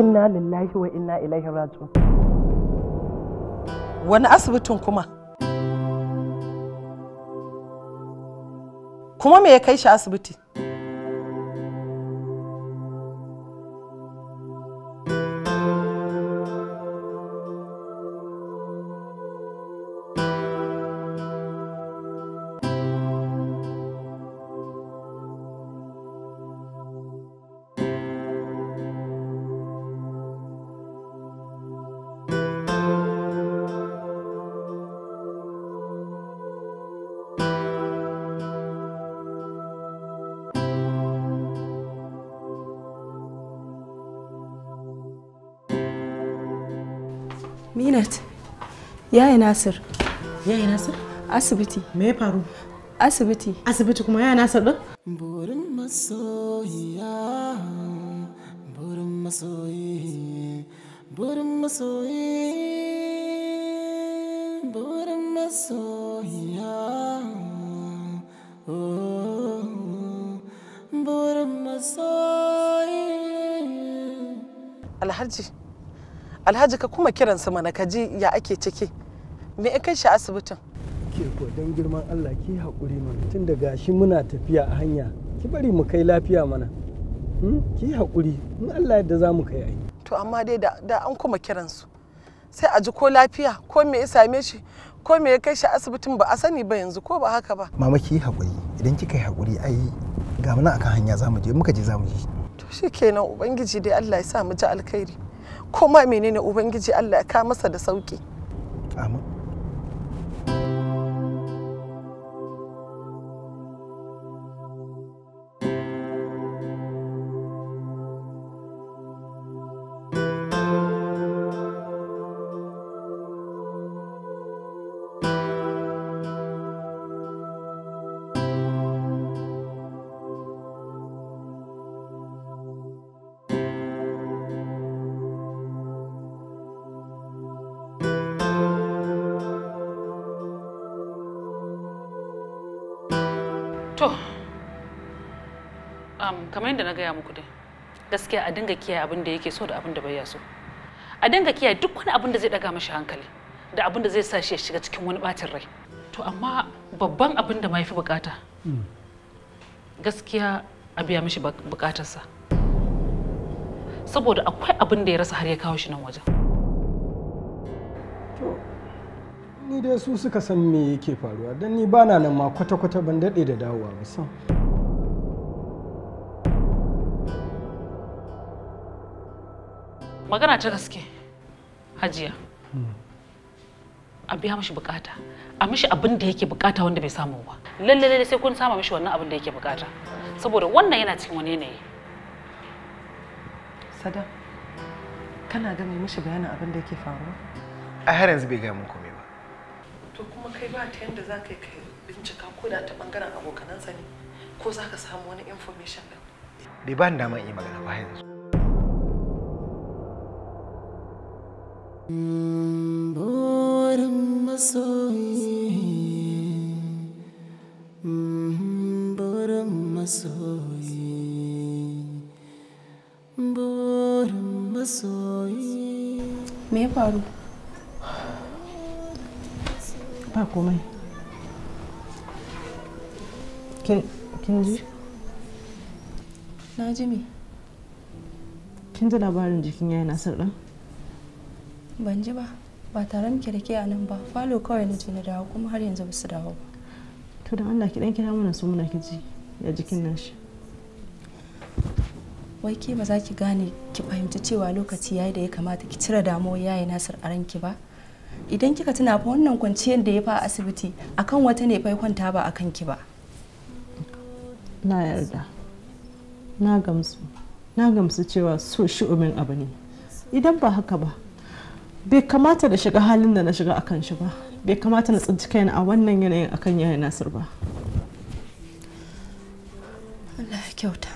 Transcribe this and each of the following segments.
inna lillahi wa inna ilaihi raji'un wani asibitin kuma kuma me ya kai shi asibiti Yaya Nasir. Yaya Nasir? Asibiti. Me ya faru? Asibiti. Asibiti kuma yaya Nasir din? Burin masoyiya. Burin masoyi. Burin masoyi. Burin masoyiya. Oh, burin Alhaji, Alhaji ka kuma kiransa mana ka ji ya ake ciki. me ya kai shi asibitin ke ko don girman Allah ki haƙuri mana tun da gashi muna tafiya a hanya ki bari mu kai lafiya mana hmm? ki haƙuri in Allah yadda za mu kai ai to amma dai da an kuma kiransu sai a ji ko lafiya ko me ya same shi ko me ya kai shi asibitin ba a sani ba yanzu ko ba haka ba mama ki haƙuri idan kika yi haƙuri ai ga muna akan hanya za mu je muka je za mu je to shikenan ubangiji dai Allah ya sa mu ji alkhairi ko ma menene ubangiji Allah ya ka masa da sauki amin kamar yadda na gaya muku dai gaskiya a dinga kiyaye abin da yake so da abin da bai so a dinga kiyaye duk wani abin da zai daga mashi hankali da abin da zai sa shi ya shiga cikin wani bacin rai to amma babban abin da mafi bukata hmm. gaskiya a biya mashi bukatarsa saboda akwai abin da ya rasa har ya kawo shi nan wajen ni dai su suka san me yake faruwa don ni bana nan ma kwata-kwata ban daɗe da dawowa ba magana ta gaske hajiya a biya mashi bukata a mishi abin da yake bukata wanda bai samu ba lalle lalle sai kun sama mishi wannan abin da yake bukata saboda wannan yana cikin wani yanayi sada kana ga mai mishi bayanin abin da yake faruwa a har yanzu bai ga mun komai ba to kuma kai ba ta yanda zaka kai bincika ko da ta bangaren abokanansa ne ko zaka samu wani information din bai ba ni dama in yi magana ba yanzu Mm-hmm. Burin masoyi, burin masoyi, masoyi. Me ya faru? Ba komai. Kin ji? Na ji me? Kin ji labarin jikin yana sarɗa? ban ji ba ba tare muke da ke a nan ba falo kawai na je na dawo kuma har yanzu ba su dawo ba to don allah ki dan kira mana su muna ki ji ya jikin nashi wai ke ba za ki gane ki fahimci cewa lokaci yayi da ya kamata ki cire damuwar yayi nasir a ranki ba idan kika tuna fa wannan kwanciyar da ya fa asibiti akan wata ne fa kwanta ba akan ki ba na yarda na gamsu na gamsu cewa so shi umin abu ne idan ba haka ba bai kamata da shiga halin da na shiga a kan shi ba bai kamata na tsinci kaina a wannan yanayin akan yaya nasir ba Allah ya kyauta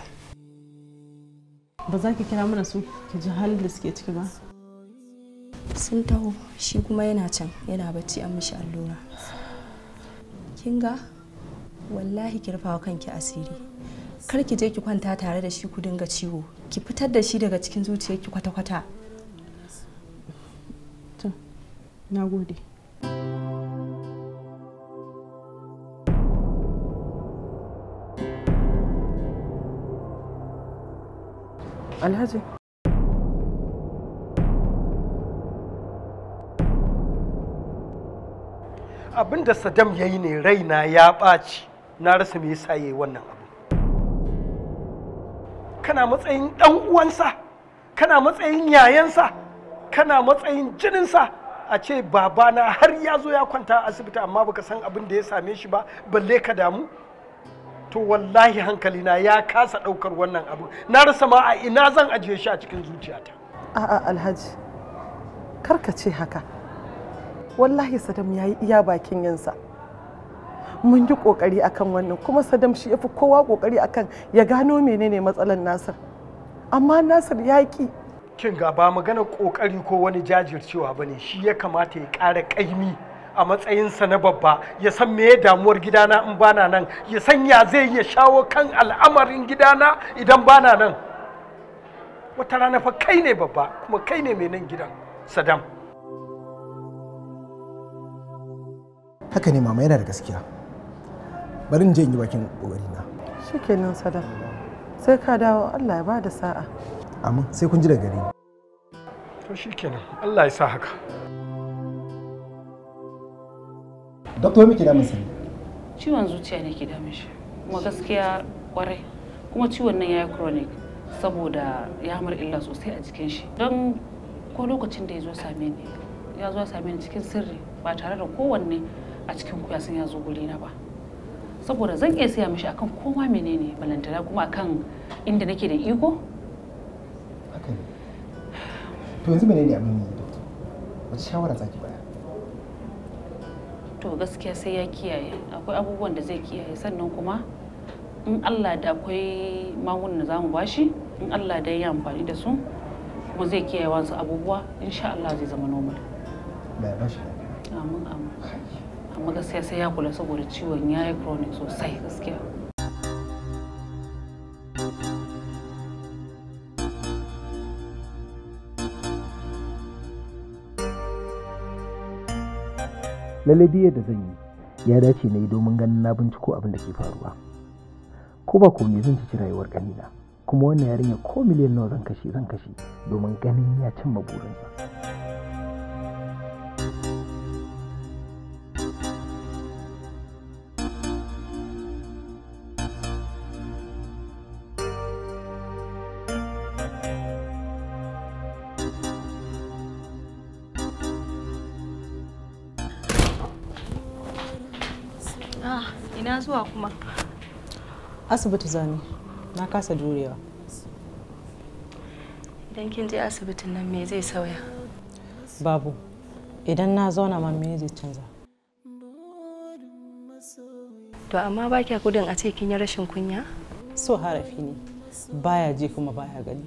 ba za ki kira mana su ki ji halin da suke ciki ba sun taho shi kuma yana can yana bacci an mishi allura kin ga wallahi ki wa kanki asiri kar ki je ki kwanta tare da shi ku dinga ciwo ki fitar da shi daga cikin zuciyarki kwata-kwata na gode alhaji Abinda da saddam ya yi ne raina ya ɓaci na rasa me yasa ya yi wannan abu kana matsayin ɗan uwansa kana matsayin yayansa kana matsayin jininsa a ce babana har ya zo ya kwanta a asibiti amma baka san abin da ya same shi ba balle ka damu to wallahi hankalina ya kasa ɗaukar wannan abu na rasa ma a ina zan ajiye shi a cikin zuciyata a'a alhaji kar ka ce haka wallahi sadam ya yi iya bakin yansa mun yi kokari akan wannan kuma sadam shi ya fi kowa kokari akan ya gano menene matsalar nasir amma nasir ya ki kin ga ba magana kokari ko wani jajircewa ba ne shi ya kamata ya ƙara ƙaimi a matsayinsa na babba ya san me ya damuwar gidana in bana nan ya san ya zai ya shawo kan al'amarin gidana idan bana nan wata rana fa kai ne babba kuma kai ne mai nan gidan sadam haka ne mama yana da gaskiya bari in je in yi bakin kokari na nan sadam sai ka dawo Allah ya bada sa'a amma sai kun ji da gari to shikenan Allah ya sa haka doktor miki da sani ciwon zuciya ne ke damin shi kuma gaskiya kwarai kuma ciwon nan yayi chronic saboda ya mar illa sosai a jikin shi don ko lokacin da ya zo same ni ya zo same ni cikin sirri ba tare da kowanne a cikin kuya sun yazo zo ba saboda zan iya siya mishi akan koma menene balantana kuma akan inda nake da iko to yanzu menene abin yi ba wace shawara zaki baya to gaskiya sai ya kiyaye akwai abubuwan da zai kiyaye sannan kuma in Allah da akwai magungunan da zamu bashi in Allah da ya amfani da su kuma zai kiyaye wasu abubuwa insha Allah zai zama normal da ba shi amin amin amma gaskiya sai ya kula saboda ciwon ya yi chronic sosai gaskiya lalle biye da zan yi ya dace na yi domin ganin na binciko abin da ke faruwa ko ba komai zan ci rayuwar kanina kuma wannan yarinya ko miliyan nawa zan kashe zan kashe domin ganin ya cimma burinsa asibiti zani na kasa jurewa idan kin je asibitin nan me zai sauya babu idan na zauna ma me zai canza to amma ba kya kudin a ce kin yi rashin kunya so harafi ne baya je kuma baya gani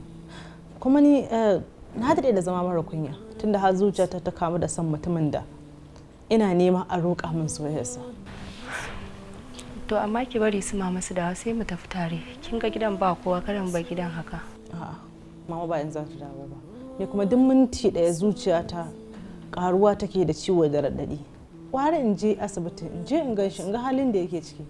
kuma ni eh, na daɗe da zama mara kunya tunda har zuciyata ta kamu da san mutumin da ina nema a roƙa min soyayyarsa to amma ki bari su mama su dawo sai mu tafi tare kin ga gidan ba kowa karan ba gidan haka a'a mama ba in za ta dawo ba ni kuma duk minti daya zuciyata karuwa take da ciwo da raddadi kware in je asibiti in je in gan shi in ga halin da yake ciki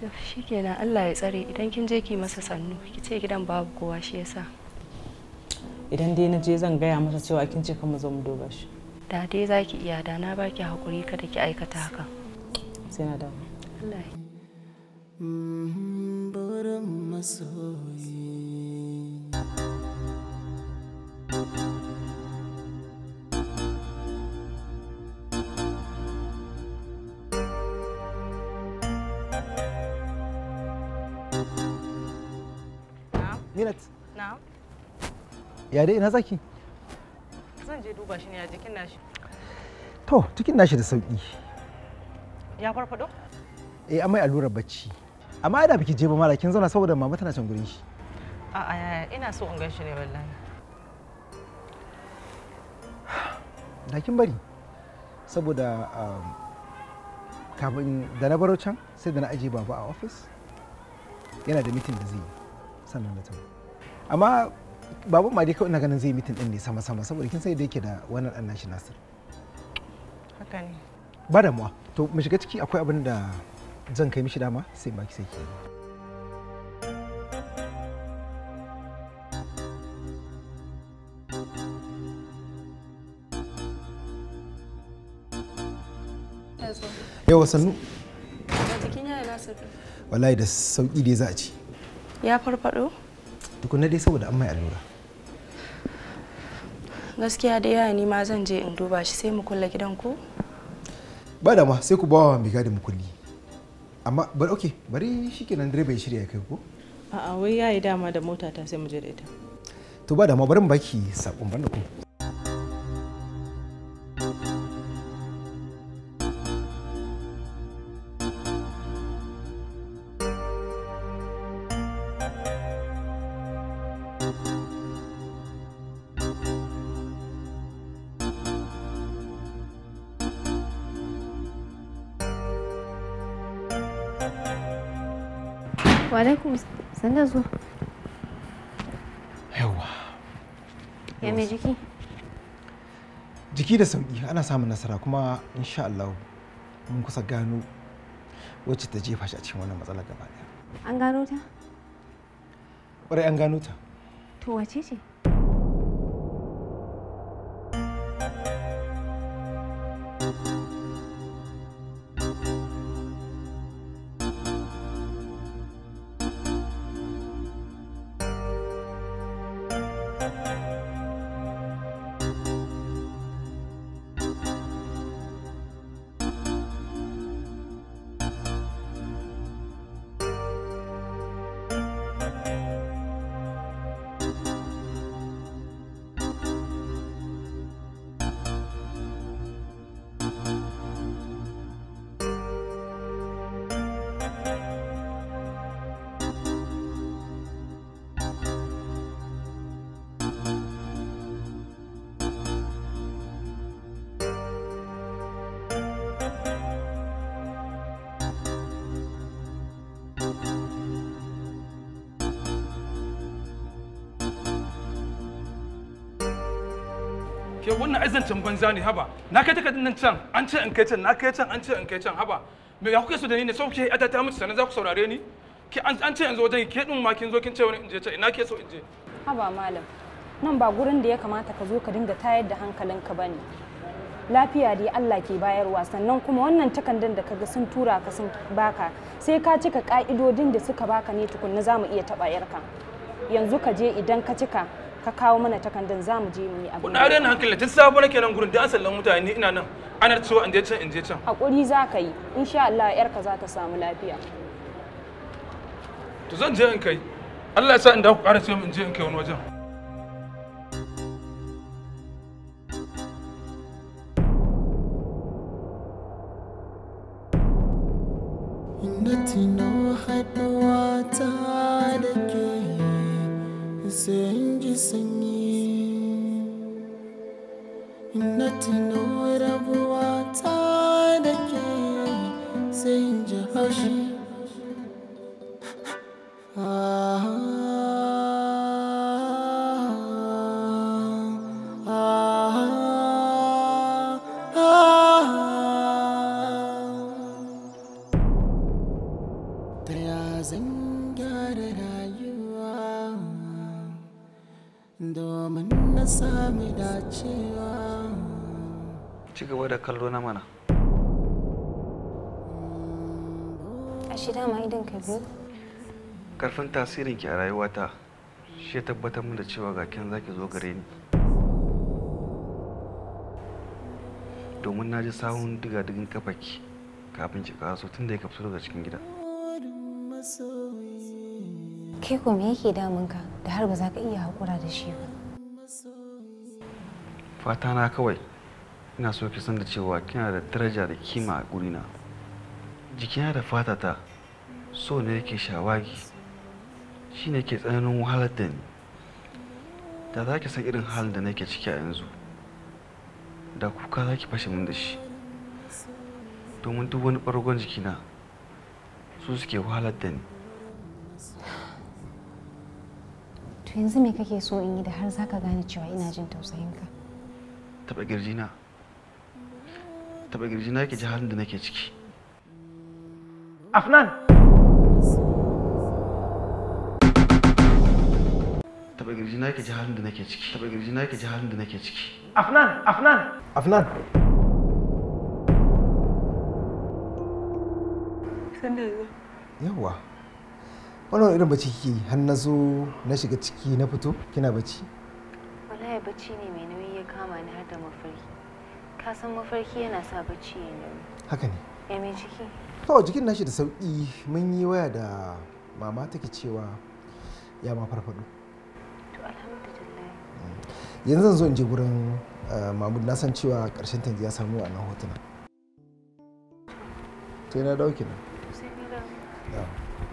to shikenan Allah ya tsare idan kin je ki masa sannu ki ce gidan babu kowa shi yasa idan dai na je zan gaya masa cewa kin ce kan mu zo mu duba shi da dai zaki iya da na baki hakuri kada ki aikata haka sai na dawo Mm-hmm, Minat. Ya dai ina zaki? Zan je duba shi ne a jikin nashi. To, nashi da sauki. Ya farfado? eh amai allurar bacci amma ai da biki je ba mala kin zauna saboda mama tana can gurin shi a a ina so in ganshi ne wallahi da kin bari saboda um, kafin da na baro can sai da na aje baba a office yana da mitin da zai yi sannan na tafi amma babu ma dai kawai na ganin zai mitin din ne sama sama saboda kin sai da yake da wannan dan nashi Nasir haka ne ba damuwa to mu shiga ciki akwai abin da zan kai mishi dama sai baki sai ke yi. sannu wallahi da sauki dai za a ci ya farfado tukuna dai saboda an mai allura gaskiya da yaya ni ma zan je in duba shi sai mu kulle gidan ku. ba da ma sai ku bawa mai gadi mu kulli amma bari ok bari shikenan direba ya shirya kai ko a'a wai yayi dama da mota ta sai mu je da ita to ba da ma bari mu baki sakon da ku Wa alaikum san da zuwa. Ya mai jiki? Jiki da sauki ana samun nasara kuma insha Allah mun kusa gano wacce ta jefa shi a cikin wannan matsalar gaba ɗaya. An gano ta? Ƙwarai an gano ta. To wace ce? zancen banza ne haba na kai takardun nan can an ce in kai can na kai can an ce in kai can haba me ya kuke so da ni ne sau ke yata ta mutu sannan za ku saurare ni ki an ce yanzu wajen ke din ma kin zo kin ce wani in je can ina ke so in je haba malam nan ba gurin da ya kamata ka zo ka dinga tayar da hankalinka bane lafiya dai Allah ke bayarwa sannan kuma wannan takardar da kaga sun tura ka sun baka sai ka cika ka'idodin da suka baka ne tukunna za mu iya taɓa yarka yanzu ka je idan ka cika ka kawo mana takardan za mu je mu yi abu na rena hankali tun safe nake nan gurin da an sallan mutane ina nan ana cewa in je can in je can hakuri za ka yi insha Allah yarka za ta samu lafiya to zan je in kai Allah ya sa in da ku ƙara ce mu in je in kai wani wajen karfin tasirin ki a rayuwata shi ya tabbatar min da cewa ga kin zaki zo gare ni domin na ji sahun diga-digin kafaki kafin ki kaso tun da ya kafsu daga cikin gida Ke ko me yake damunka da har ba za ka iya haƙura da shi ba fata na kawai ina so ki san da cewa kina da daraja da kima a gurina jikina da fatata so ne yake shawagi shi ne ke tsananin wahalar da ni da za ki san irin halin da nake ciki a yanzu da kuka za ki fashe min da shi domin duk wani ɓargon jikina su suke wahalar da ni to yanzu me kake so in yi da har zaka gane cewa ina jin tausayinka taɓa girjina taɓa girjina yake ji halin da nake ciki afnan taba girji na yake ji da nake ciki taba girji na yake ji da nake ciki afnan afnan afnan Yawa, wannan irin bacci kike har na zo na shiga ciki na fito kina bacci wallahi bacci ne mai nauyi ya kama ni har da mafarki ka san mafarki yana sa bacci ya nauyi haka ne ya mai ciki to jikin nashi da sauki mun yi waya da mama take cewa ya ma farfado yanzu zan zo in je gurin eh, mamud na san cewa karshen tanzi ya samu a nan hotuna sai na dauki nan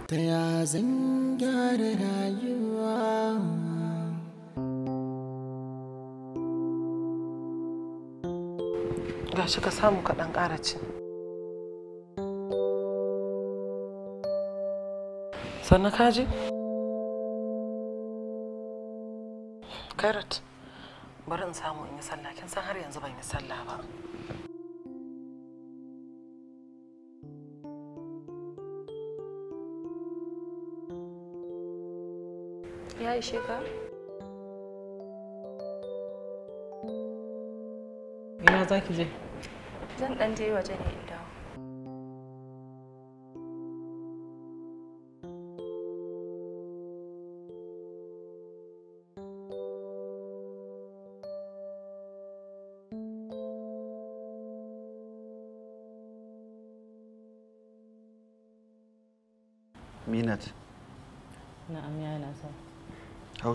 ta ya zan gyara rayuwa shi ka samu kaɗan ƙara ci sannan kaji carrot bari in samu in yi sallah kin san har yanzu ban yi sallah ba ya ishe ka ina za ki je zan dan je waje ne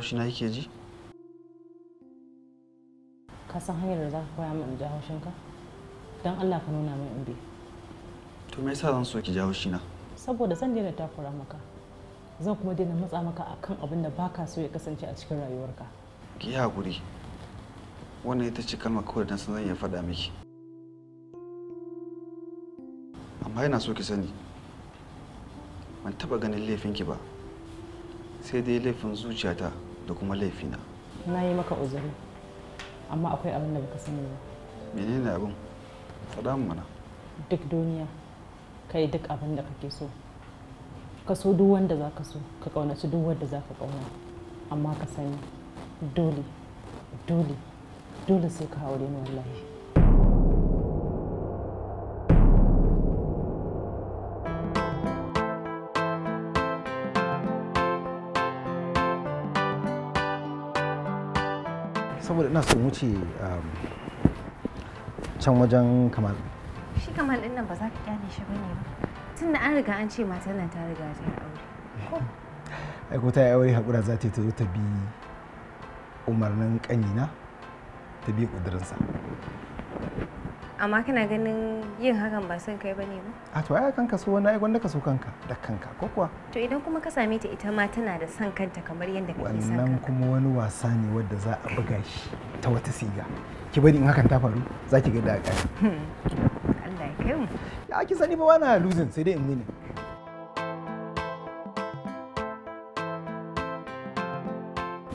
shi na yake ji ka san hanyar da za ka koya min in ji don allah ka nuna min in bi to me yasa zan so ki ji na saboda zan daina takura maka zan kuma daina matsa maka a kan abin da baka so ya kasance a cikin rayuwarka ki hakuri wannan ita ce kalmar kawai da san zan iya faɗa miki amma yana so ki sani ban taɓa ganin laifinki ba sai dai laifin zuciyata da kuma laifina na yi maka uzuri amma akwai abin da baka sani ba menene abin faɗa mana duk duniya kai duk abin da kake so ka so duk wanda za ka so ka kaunaci duk wanda za ka ƙauna amma ka sani dole dole dole sai ka haure ni wallahi ina son wuce um, can wajen kamal shi kamal ɗin nan ba za ka kyale shi ba ne ba tun da an riga an ce matar nan ta riga ta aure ai ko ta yi aure haƙura za ta zo ta bi umarnin ƙanina ta bi ƙudurinsa amma kana ganin yin hakan ba son kai bane ba a to ai kanka so wani gwanda ka so kanka da kanka ko kuwa to idan kuma ka same ta ita ma tana da son kanta kamar yadda kake son kanka wannan kuma wani wasa ne wanda za a buga shi ta wata siga ki bari in hakan ta faru za ki ga da hmm. Allah ya kai mu ya ki sani ba wani losing sai dai in ne.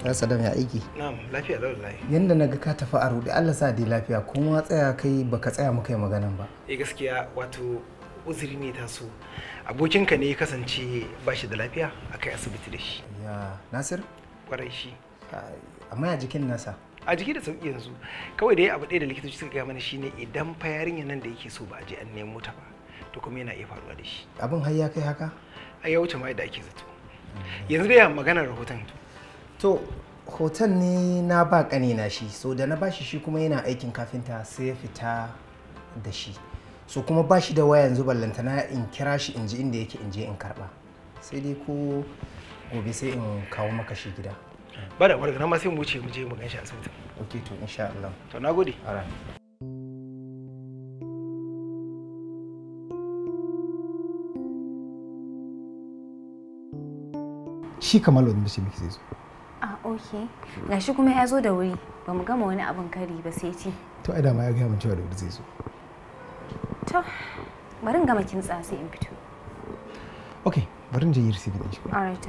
ya sadam ya aiki na'am lafiya da wallahi. yanda naga ka tafi a rudi Allah sa dai lafiya kuma tsaya kai baka tsaya muka yi magana ba eh gaskiya wato uzuri ne ta so, abokinka ne ya kasance ba shi da lafiya akai asibiti da shi ya nasir kwarai shi amma ya jikin nasa a jiki da sauki yanzu kawai dai abu ɗaya da likitoci suka gaya mana shine idan fa yarinya nan da yake so ba a je an nemo ta ba to kuma yana iya faruwa da shi abin har ya kai haka a ya wuce ma da ake zato hmm. yanzu dai maganar rahoton to hoton ne na ba ƙanina shi so da na bashi shi kuma yana aikin kafinta sai ya fita da shi so kuma ba shi da waya yanzu ballantana in kira shi in ji inda yake in je in karba sai dai ko gobe sai in kawo maka shi gida ba da wadda ma sai mu wuce mu je mu ganshi asibitin ok to insha Allah to na gode. shi kamar da mace miki zai zo okay ok shi kuma ya zo da wuri ba mu gama wani abin kari ba sai ce to ai da ma ya gaya min cewa da wuri zai zo to bari in gama kintsa sai in fito okay bari in je yi receipt din shi all right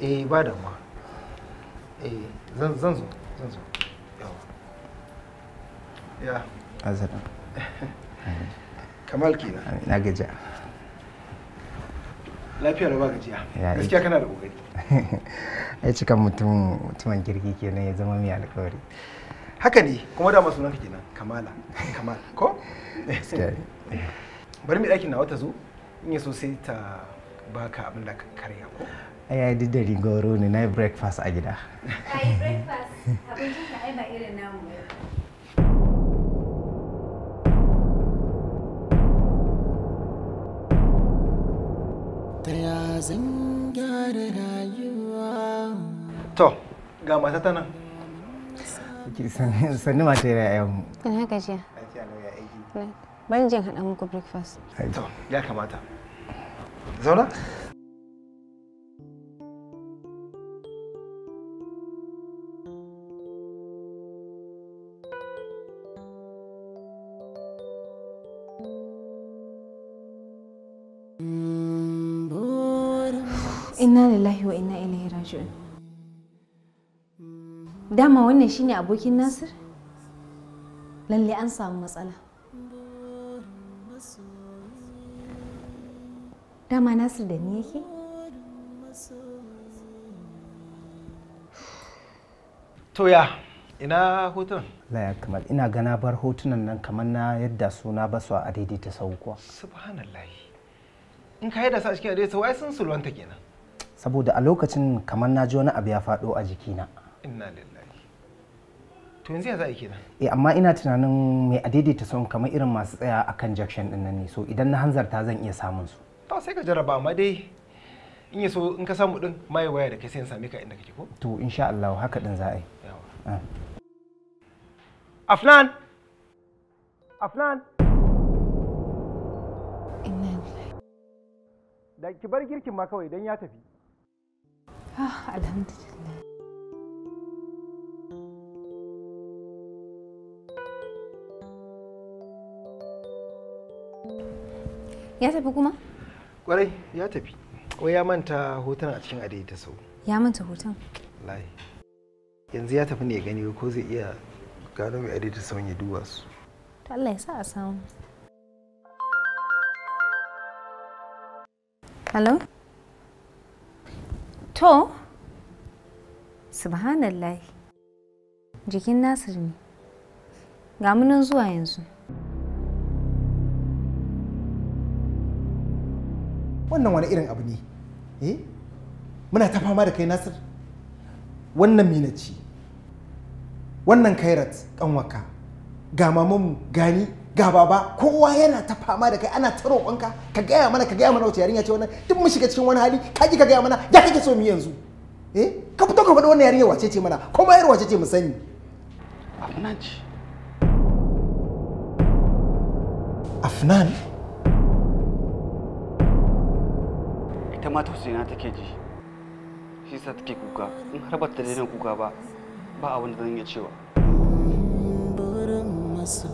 eh ba da ma eh zan zan zo zan zo yawa ya azara kamal kina na gaja lafiya da ba gajiya gaskiya kana da kokari ai cikan mutum mutumin kirki kenan ya zama mai alƙawari haka ne kuma da masu nanka kenan kamala kamal ko eh, bari mu ɗakin nawa ta zo in ya so sai ta baka abin da ka karya ko ai ai duk da rigoro ne na breakfast a gida ai breakfast abincin da ai ba irin namu zan rayuwa to ga mata ta nan sannu mata ya yaya mu ina gajiya ban jin haɗa muku breakfast to ya kamata zauna Inna lillahi wa inna ilaihi raji'un. Dama wannan shine abokin Nasir? Lalle an samu matsala. Dama Nasir da ni yake? To ya, ina hutun? Laya kamar ina gana bar hotunan nan kamar na yadda suna ba su a daidaita sauko. Subhanallah. In ka yi da sa cikin adaita wai sun sulwanta kenan. saboda a lokacin kamar na ji wani abu ya faɗo a jikina inna lillahi to yanzu ya za a kenan eh amma ina tunanin mai daidaita son kamar irin masu tsaya kan junction din nan ne so idan na hanzarta zan iya samun su to sai ka jaraba amma dai in ya so in ka samu din mai waya da kai sai in same ka inda kake ko to insha Allah haka din za a yi ah. Afnan Afnan Da ki bar girkin ma kawai don ya tafi. Ah, alhamdulillah ya tafi kuma? kwarai ya tafi wai ya manta hoton a cikin adai ta sau ya manta hoton? lai yanzu ya tafi ne gani ko zai iya gano mai adai ta sau ya duba su to Allah ya sa a samu hello to subhanallah jikin nasir ne ga munan zuwa yanzu wannan wani irin abu ne eh muna ta fama da kai nasir wannan minaci wannan kairat kanwaka ga mamanmu gani gaba ba kowa yana ta fama da kai ana ta roƙonka ka gaya mana ka gaya mana wace yarinya ce wannan duk mun shiga cikin wani hali ka ji ka gaya mana ya kake so mu yanzu eh ka fito ka faɗi wannan yarinya wace ce mana ko mayar yar wace ce mu sani afnan ce afnan ita ma tausayina take ji shi sa take kuka in har ba ta daina kuka ba ba abin da zan iya cewa masu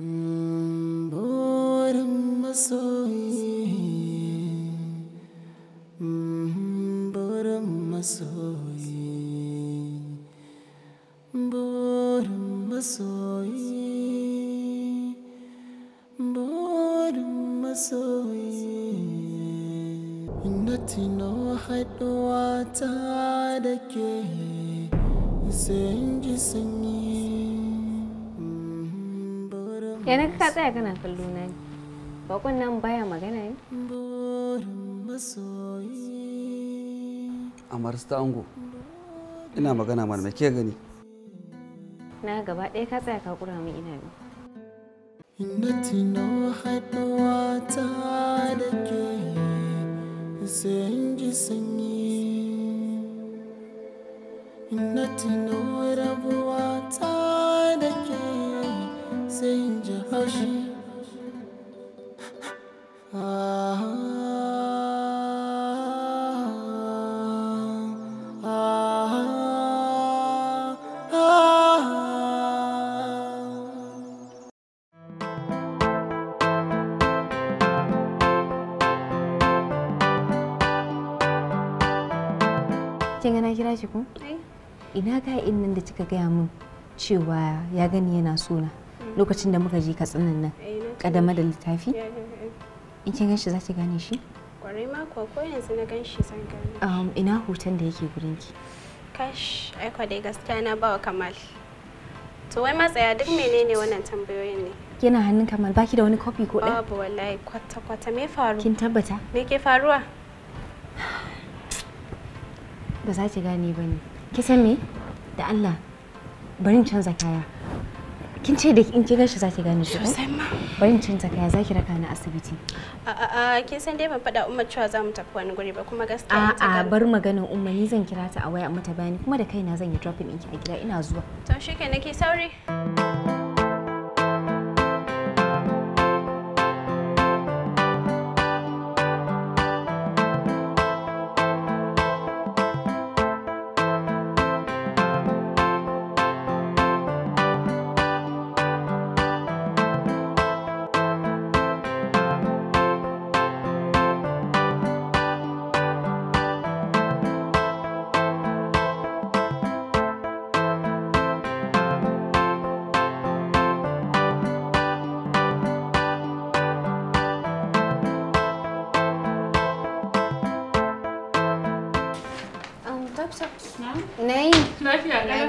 Burin masoyi, burin masoyi, burin masoyi, burin masoyi. Na tuno haɗuwa ta da ke, sai in sanyi. ya ka tsaya kana kallo na ne bakon nan baya magana ne amar ta ango ina magana mana me ke gani na gaba ɗaya ka tsaya ka kura min ina Inda tino haɗuwa ta da ke sai ji sanyi Inda tino rabuwa ta sai in ji na eh. Ina nan da kika gaya min cewa ya gani yana suna. lokacin da muka je katsinan nan eh, kadama da littafi in kin ganshi zaki gane shi kwarai ma ko yanzu na ganshi san gane um, ina hoton da yake gurin ki kash kwa dai gaskiya na bawa kamal to wai matsaya duk menene wannan tambayoyin ne yana hannun kamal baki da wani kofi ko ɗaya babu wallahi kwata kwata me faru kin tabbata me ke faruwa ba za ki gane bane ki san me da Allah bari in canza kaya kin ce da in gan shi zaki gane shi sosai ma bari in canza kaya zaki raka ni asibiti a kin san dai ban faɗa umma cewa za mu tafi wani guri ba kuma gaskiya a a bar maganin umma ni zan kira ta a waya amma ta bayani kuma da kaina zan yi dropping ɗinki a gida ina zuwa to shikenan ki sauri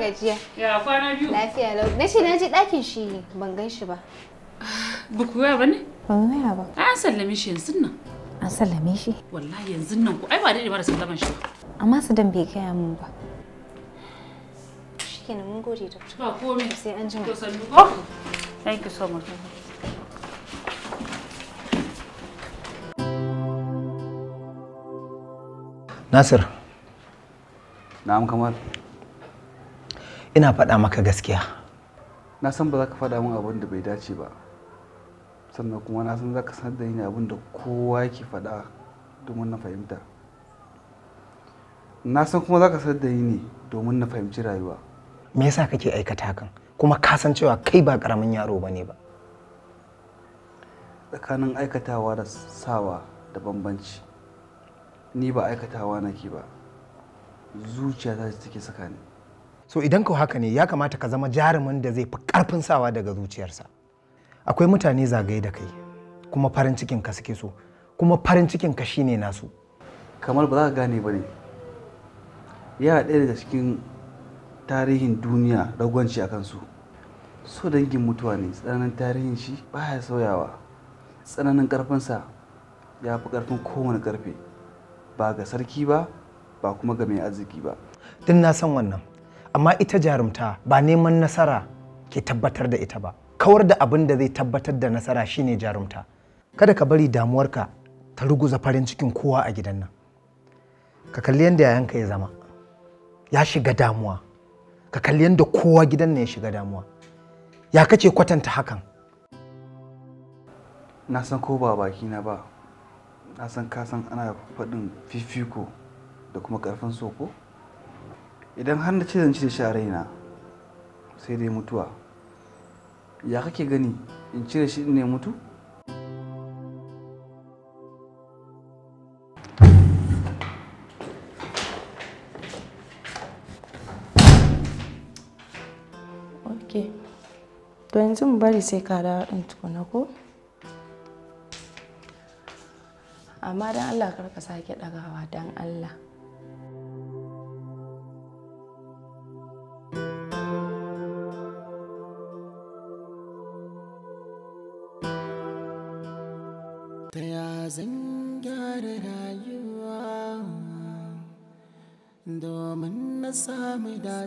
gajiya. Ya kwana biyu. Lafiya lau. Na ce na je ɗakin shi ne ban gan shi ba. Ba ku ba ne? Ban gaya ba. An sallame shi yanzu nan. An sallame shi? Wallahi yanzu nan ku ai ba daɗe ba da sallaman shi ba. Amma Sadan bai gaya min ba. Shikenan mun gode da Ba komai. Sai an jima. To sallu ko? Oh! Thank you so much. Nasir. Na'am Kamal. ina faɗa maka gaskiya na san ba za ka faɗa min abin da bai dace ba sannan kuma na san za ka sanar da ni abin da kowa yake faɗa domin na fahimta na san kuma za ka sanar da ni domin na fahimci rayuwa me yasa kake aikata hakan kuma ka san cewa kai ba karamin yaro ba ne ba tsakanin aikatawa da sawa da bambanci ni ba aikatawa nake ba zuciya ta take saka ni so idan ka haka ne ya kamata ka zama jarumin da zai fi karfin sawa daga zuciyarsa akwai mutane zagaye da kai kuma farin cikin ka suke so kuma farin cikin ka shine nasu kamar ba za ka gane ba ne ya ɗaya daga cikin tarihin duniya ragwanci a kansu so dangin mutuwa ne tsananin tarihin shi baya sauyawa tsananin karfinsa ya fi karfin kowane karfe ba ga sarki ba ba kuma ga mai arziki ba duk na san wannan amma ita jarumta ba neman nasara ke tabbatar da ita ba kawar da abin da zai tabbatar da nasara shine jarumta kada ka bari damuwarka ta ruguza farin cikin kowa a gidan nan ka kalli yadda yayanka ya zama ya shiga damuwa ka kalli yadda kowa gidan nan ya shiga damuwa ya kace kwatanta hakan na san ko ba baki na ba na san ka san ana faɗin fifiko da kuma ƙarfin so ko idan har na ce zan cire shi a raina sai dai mutuwa ya kake gani in cire shi ne mutu ok to yanzu mu bari sai ka dawo ɗin tukuna ko amma don allah karka sake ɗagawa don allah haka za ki ba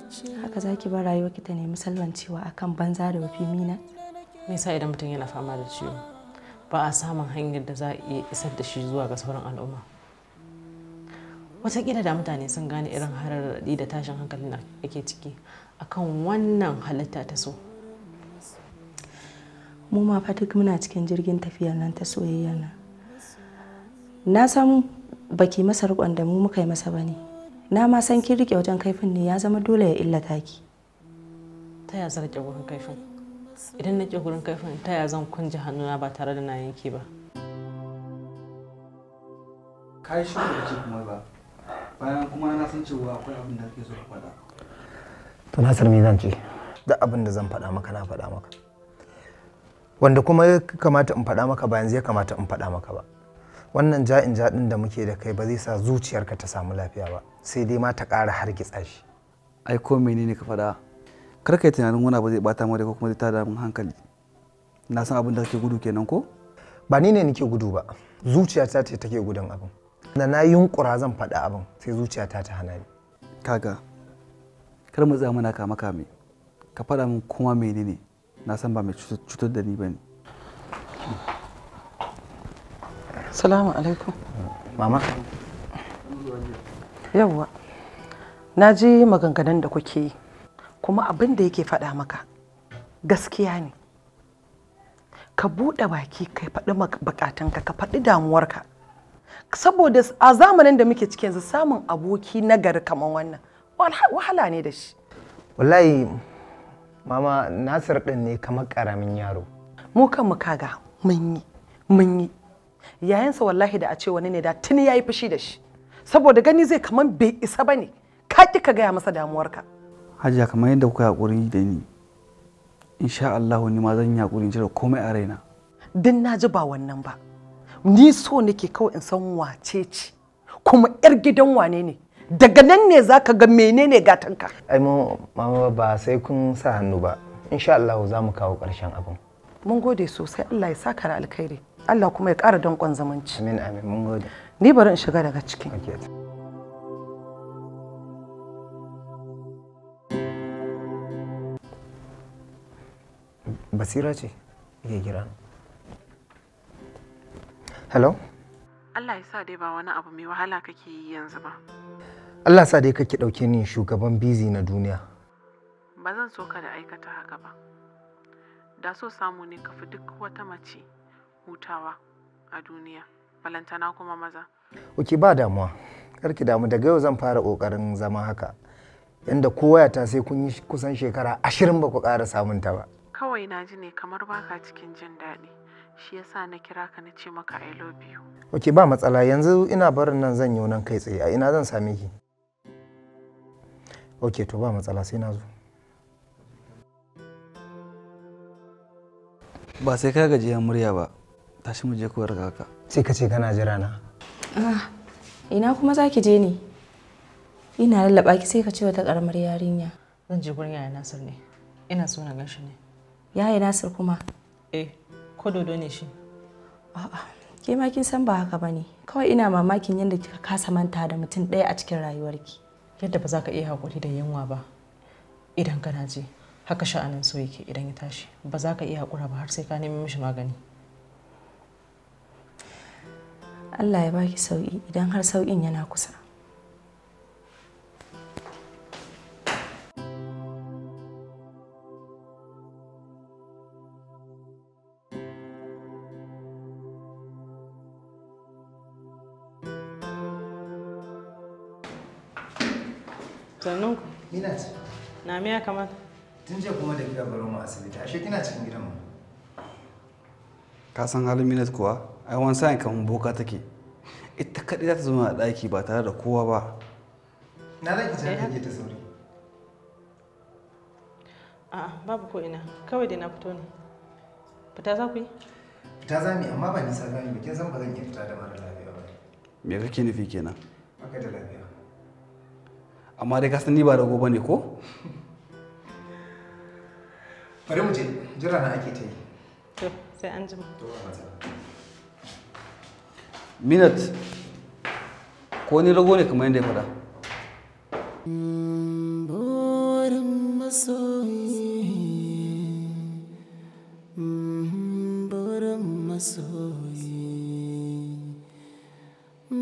haka zaki rayuwarki ta nemi salwancewa akan banza da wafi mina me yasa idan mutum yana fama da ciwo ba a samun hanyar da za a iya isar da shi zuwa ga sauran al'umma watakila da mutane sun gane irin hararradi da tashin hankali na ake ciki akan wannan halitta ta so mu ma fa duk muna cikin jirgin tafiyar nan ta soyayya na na san baki masa rikon da mu muka yi masa ba ne. na ma san kin rike wajen kaifin ne ya zama dole ya illata ki ta ya zarge wurin kaifin idan na ke gurin kaifin ta ya zan kunje hannuna ba tare da na yanke ba kai shi da ke kuma ba bayan kuma na san cewa akwai abin da kake so ka faɗa to san me zan ce duk abin da zan faɗa maka na faɗa maka wanda kuma ya kamata in faɗa maka ba yanzu ya kamata in faɗa maka ba wannan ja'in jaɗin da muke da kai ba zai sa zuciyarka ta samu lafiya ba sai dai ma ta ƙara hargitsa shi ai ko menene ka faɗa kar kai tunanin wani abu zai bata mu da ko kuma zai tada mun hankali na san abin da kake gudu kenan ko ba ni ne nake gudu ba zuciyata ce take gudun abin da na yunkura zan faɗa abin sai zuciyata ta hana ni kaga kar mu tsaya muna kama kame ka faɗa min kuma menene na san ba mai cutar da ni ba ne. Salamu alaikum. Mama. Yawwa. Na ji maganganun da kuke yi, kuma abin da yake faɗa maka gaskiya ne. Ka buɗe baki kai faɗi bukatunka, ka faɗi damuwarka. Saboda a zamanin da muke cikin samun aboki nagari kamar wannan, wahala ne da shi. Wallahi, Mama Nasir ɗin ne kamar ƙaramin yaro. Mu kanmu kaga mun yi, mun yi. yayansa wallahi da a ce wani ne da tuni ya yi fushi da shi saboda gani zai kamar bai isa bane ka ki ka gaya masa damuwarka hajiya kamar yadda kuka hakuri da ni insha Allah ni ma zan yi hakuri jira komai a raina din na ji ba wannan ba ni so nake kawai in san wace ce kuma yar gidan wane ne daga nan ne za ka ga menene gatanka ai mu mama ba sai kun sa hannu ba insha Allah za mu kawo ƙarshen abin mun gode sosai Allah ya saka da alkhairi Allah kuma ya ƙara danƙon zamanci amin amin mun gode ni bari in shiga daga ciki basira ce ke gira hello Allah ya sa dai ba wani abu mai wahala kake yi yanzu ba Allah sa dai kake ɗauke ni shugaban bizi na duniya ba zan so ka da aikata haka ba da so samu ne ka fi duk wata mace hutawa a duniya balantana kuma maza Uki ba damuwa karki damu daga yau zan fara kokarin zama haka inda kowa ta sai kun yi kusan shekara ashirin ba ku ƙara samun ta ba kawai na ji ne kamar baka cikin jin daɗi shi yasa na kira ka na ce maka i love you ok ba matsala yanzu ina barin nan zan yi nan kai tsaye a ina zan same ki Oke to ba matsala sai na zo ba sai ka gaji murya ba tashi mu je ku riga ka sai ka ce kana jira na ah, ina kuma zaki je ne ina lallaba ki sai ka ce wata karamar yarinya zan je gurin yaya Nasir ne ina so na gan ne yaya Nasir kuma eh ko dodo ne shi a'a ke ma kin san ba haka bane kawai ina mamakin yadda kika kasa manta da mutum ɗaya a cikin rayuwarki yadda ba za ka iya hakuri da yunwa ba idan kana ji haka sha'anin so yake idan ya tashi ba za ka iya hakura ba har sai ka nemi mishi magani Allah ya baki sauki idan har saukin yana kusa Sannu? Minat. Na miya kamar? Tun je kuma da gida baro ma asibiti, ashe kina cikin gidan mu. Ka san halin Minat kuwa? ai wani sa'in kamar boka take ita kaɗai za ta zama a ɗaki ba tare da kowa ba na za ki tare ta sauri a'a babu ko ina kawai dai na fito ne fita za ku yi fita za mu amma ba ni sa mu kin san ba zan iya fita da mara lafiya ba me kake nufi kenan baka da lafiya amma dai ka san ni ba gobe ne, ko bari mu je jira na ake ta yi to sai an jima to ba ta minat ko ni rago ne kamar yadda ya faɗa masoyi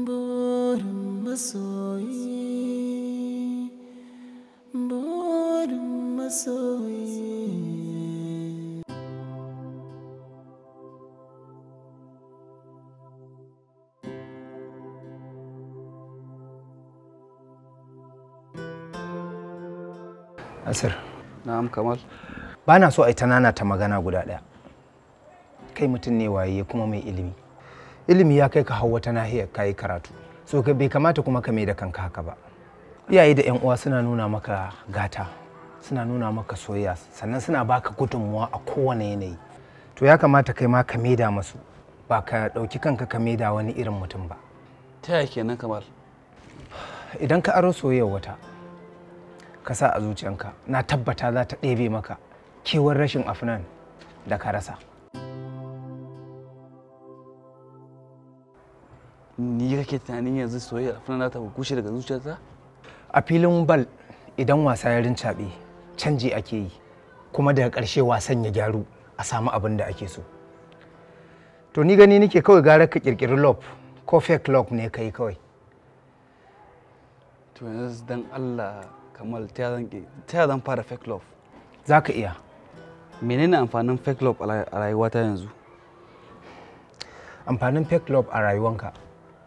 burin masoyi Asir. Na'am Kamal. Ba so a tanana ta nana magana guda ɗaya. Kai mutum ne waye kuma mai ilimi. Ilimi ya kai ka hau ta nahiyar kai karatu. So bai kamata kuma ka mai da kanka haka ba. Iyaye da 'yan uwa suna nuna maka gata, suna nuna maka soyayya, sannan suna baka gudunmuwa a kowane yanayi. To ya kamata kai ma ka maida masu ba ka ɗauki kanka ka maida wani irin mutum ba. Ta yaya nan Kamal? Idan ka aro soyayyar wata, ka sa a zuciyanka na tabbata za ta ɗebe maka kewar rashin afnan da ka rasa ni kake tunanin yanzu soyayyar afnan za ta kushe daga zuciyarta a filin bal idan wasa ya rincaɓe canji ake yi kuma daga ƙarshe wasan ya gyaru a samu abin da ake so to ni gani nake kawai gara ka ƙirƙiri lob ko fake lob ne ka yi kawai to yanzu dan allah kamal ta zan fara fake love za ka iya menene amfanin fake love a rayuwata yanzu amfanin fake love a rayuwanka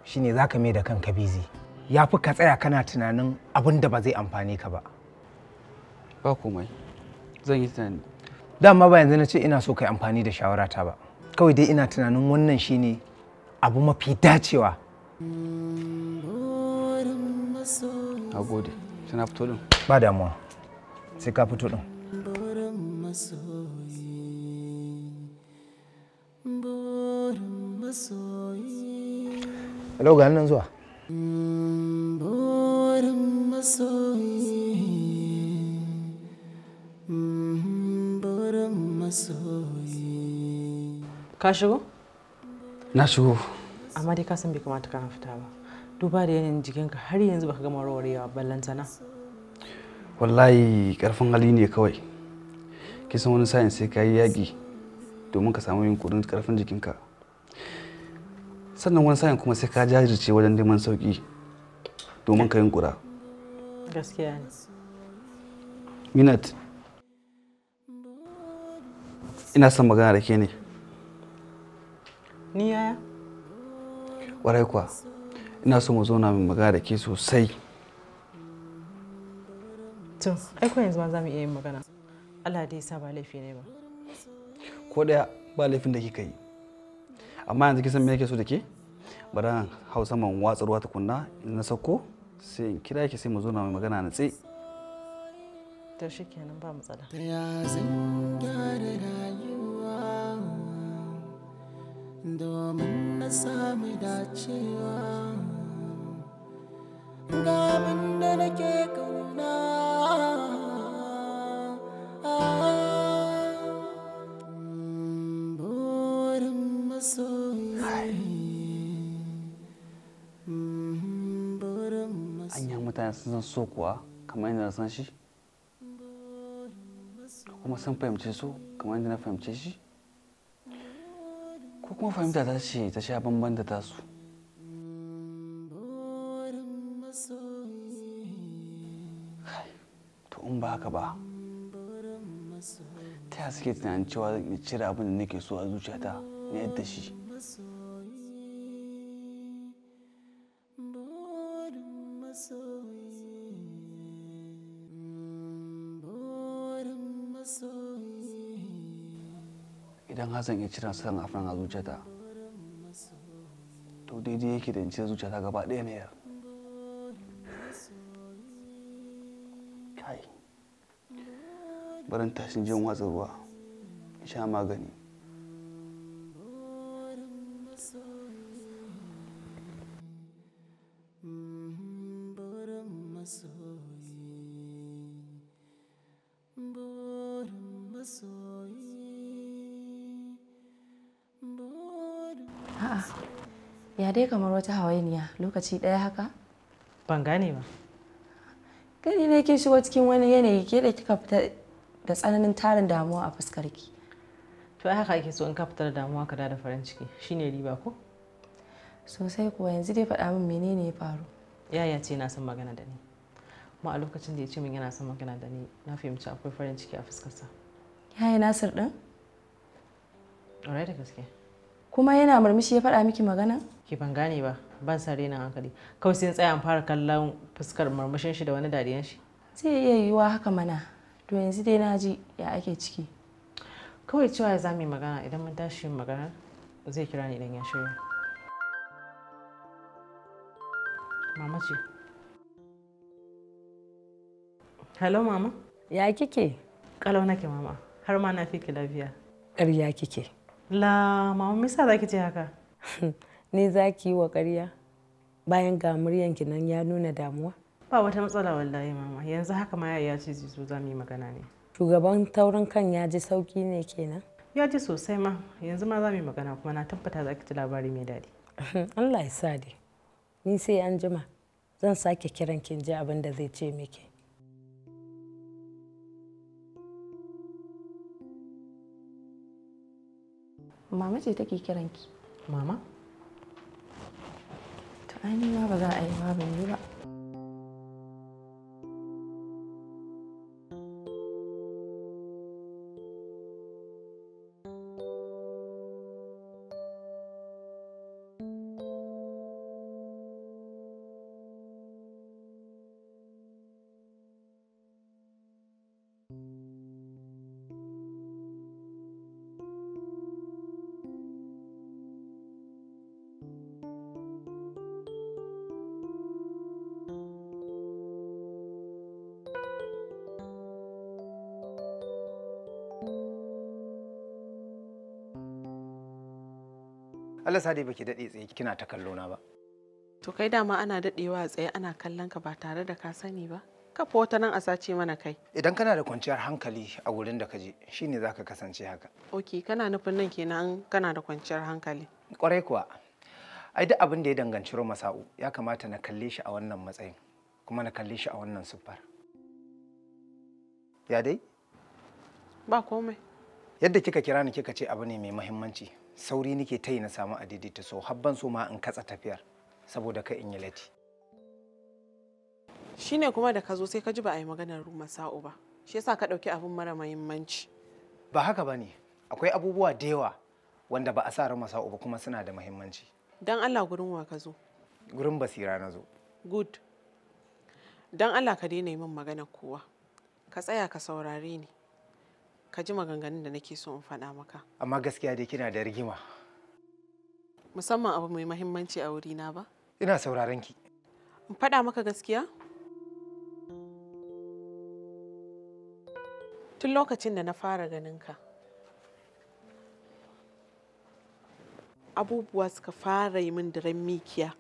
shine za ka mai da kanka busy ya fi ka tsaya kana tunanin abin da ba zai amfani ka ba ba komai zan yi tunani dama ba yanzu na ce ina so kai amfani da shawarata ba kawai dai ina tunanin wannan shine abu mafi dacewa a sai na fito din ba damuwa sai ka fito din Hello ga zuwa burin mm-hmm. na shigo amma dai bai kamata ka fita ba duba da yanayin jikinka har yanzu baka gama rawar warwarewa na wallahi karfin hali ne kawai ki san wani sa'in sai ka yi yaƙi domin ka samu yin kudin karfin jikinka sannan wani sa'in kuma sai ka jajirce wajen neman sauƙi domin ka yin kura gaskiya ne minat ina son magana da ke ne ni yaya ƙwarai kuwa ina so mu zauna mu magana da ke sosai to ai ko yanzu ma za mu iya yin magana Allah dai sa ba laifi ne ba ko daya ba laifin da kika yi amma yanzu kisan me yake so da ke bari hausa hau saman watsa ruwa tukunna na sako sai in kira ki sai mu zauna mu magana na tsaye to shikenan ba matsala ya zan gyara rayuwa domin na samu dacewa ga da nake kauna burin mm-hmm, mutane sun san so kuwa kamar yadda san shi kuma sun fahimce su kamar yadda na fahimce shi ko kuma fahimta ta ce ta sha bambanta ta su? in ba haka ba ta yaya suke tunanin cewa zan iya cire abin da nake so a zuciyata na yadda shi idan har zan iya cire san afran a zuciyata to daidai yake da in cire zuciyata gaba ɗaya na yar barin tashin jin watsa ruwa sha magani ya dai kamar wata hawainiya lokaci ɗaya haka? Ban gane ba. Gani ne ke shigo cikin wani yanayi ke da kika fita da tsananin tarin damuwa a fuskarki to ai haka ake so in ka fitar damuwa ka da farin ciki shine riba ko sosai kuwa yanzu dai faɗa min menene ya faru yaya ce na son magana da ni kuma a lokacin da ya ce min yana son magana da ni na fahimci akwai farin ciki a fuskarsa yaya nasir din da gaske kuma yana murmushi ya faɗa miki magana ki ban gane ba ban san renin hankali kawai sai tsaya in fara kallon fuskar murmushin shi da wani dariyan shi zai iya yiwuwa haka mana to yanzu dai na ji ya ake ciki kawai cewa ya zame magana idan mun tashi yin magana zai kira ni idan ya shirya mama ce hello mama ya kike kalau nake mama har ma na fi ki lafiya ƙarya kike la mama me yasa ki ce haka Ni za ki yi wa ƙarya bayan ga muryanki nan ya nuna damuwa ba wata matsala wallahi mama yanzu haka ma ya ce zai zo za mu yi magana ne shugaban taurin kan ya ji sauki ne kenan ya ji sosai ma yanzu ma za mu yi magana kuma na tabbata za ki ji labari mai daɗi Allah ya sa dai ni sai an jima zan sake kiran kin ji abin da zai ce miki mama ce take kiran ki mama to ai ma ba za a yi ma ban yi ba Allah sa dai baki daɗe tsaye kina ta kallo na ba. To kai dama ana daɗewa a tsaye ana kallon ka ba tare da ka sani ba. Kafa wata nan a sace mana kai. Idan kana da kwanciyar hankali a wurin da ka je shine zaka kasance haka. Ok kana nufin nan kenan kana da kwanciyar hankali. Kwarai kuwa. Ai duk abin da ya danganci Roma Sa'u ya kamata na kalle shi a wannan matsayin kuma na kalle shi a wannan siffar. Ya dai? Ba komai. Yadda kika kira ni kika ce abu ne mai muhimmanci sauri nake ta na samu ta so habban so ma in katsa tafiyar saboda ka in yi lati shine kuma da ka zo sai ka ji ba a yi maganar ruma sa'o ba shi yasa ka ɗauki abin mara mahimmanci ba haka ba ne akwai abubuwa da yawa wanda ba a sa ruma sa'o ba kuma suna da mahimmanci dan allah gurin wa ka zo gurin basira na zo good dan allah ka daina yi min maganar kowa ka tsaya ka saurare ni ka ji maganganun da nake so in faɗa maka amma gaskiya dai kina da rigima musamman abu mai mahimmanci a wurina ba ina sauraron ki in faɗa maka gaskiya tun lokacin da na fara ganin ka abubuwa suka fara yi min daren mikiya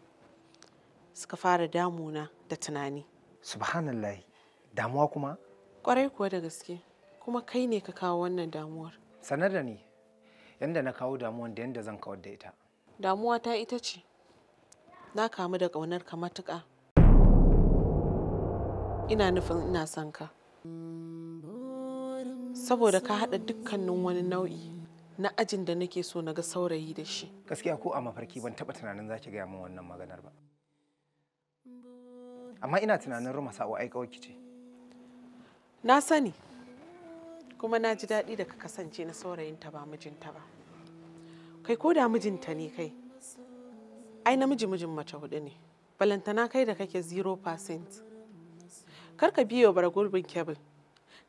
suka fara damuna da tunani subhanallah damuwa kuma kwarai kuwa da gaske kuma kai ne ka kawo wannan damuwar sanar da ni yadda na kawo damuwar da yadda zan kawar da ita damuwa ta ita ce na kamu da ƙaunar ka matuƙa ina nufin ina son ka saboda ka haɗa dukkanin wani nau'i na ajin da nake so na ga saurayi da shi gaskiya ko a mafarki ban taɓa tunanin za ki gaya min wannan maganar ba amma ina tunanin ruma sa'o'ai kawai ce na sani kuma na ji daɗi da ka kasance na saurayinta ba mijinta ba kai ko da mijinta ne kai ai namiji mijin mace hudu ne balantana kai da kake 0% kar ka biyo bar gurbin kebul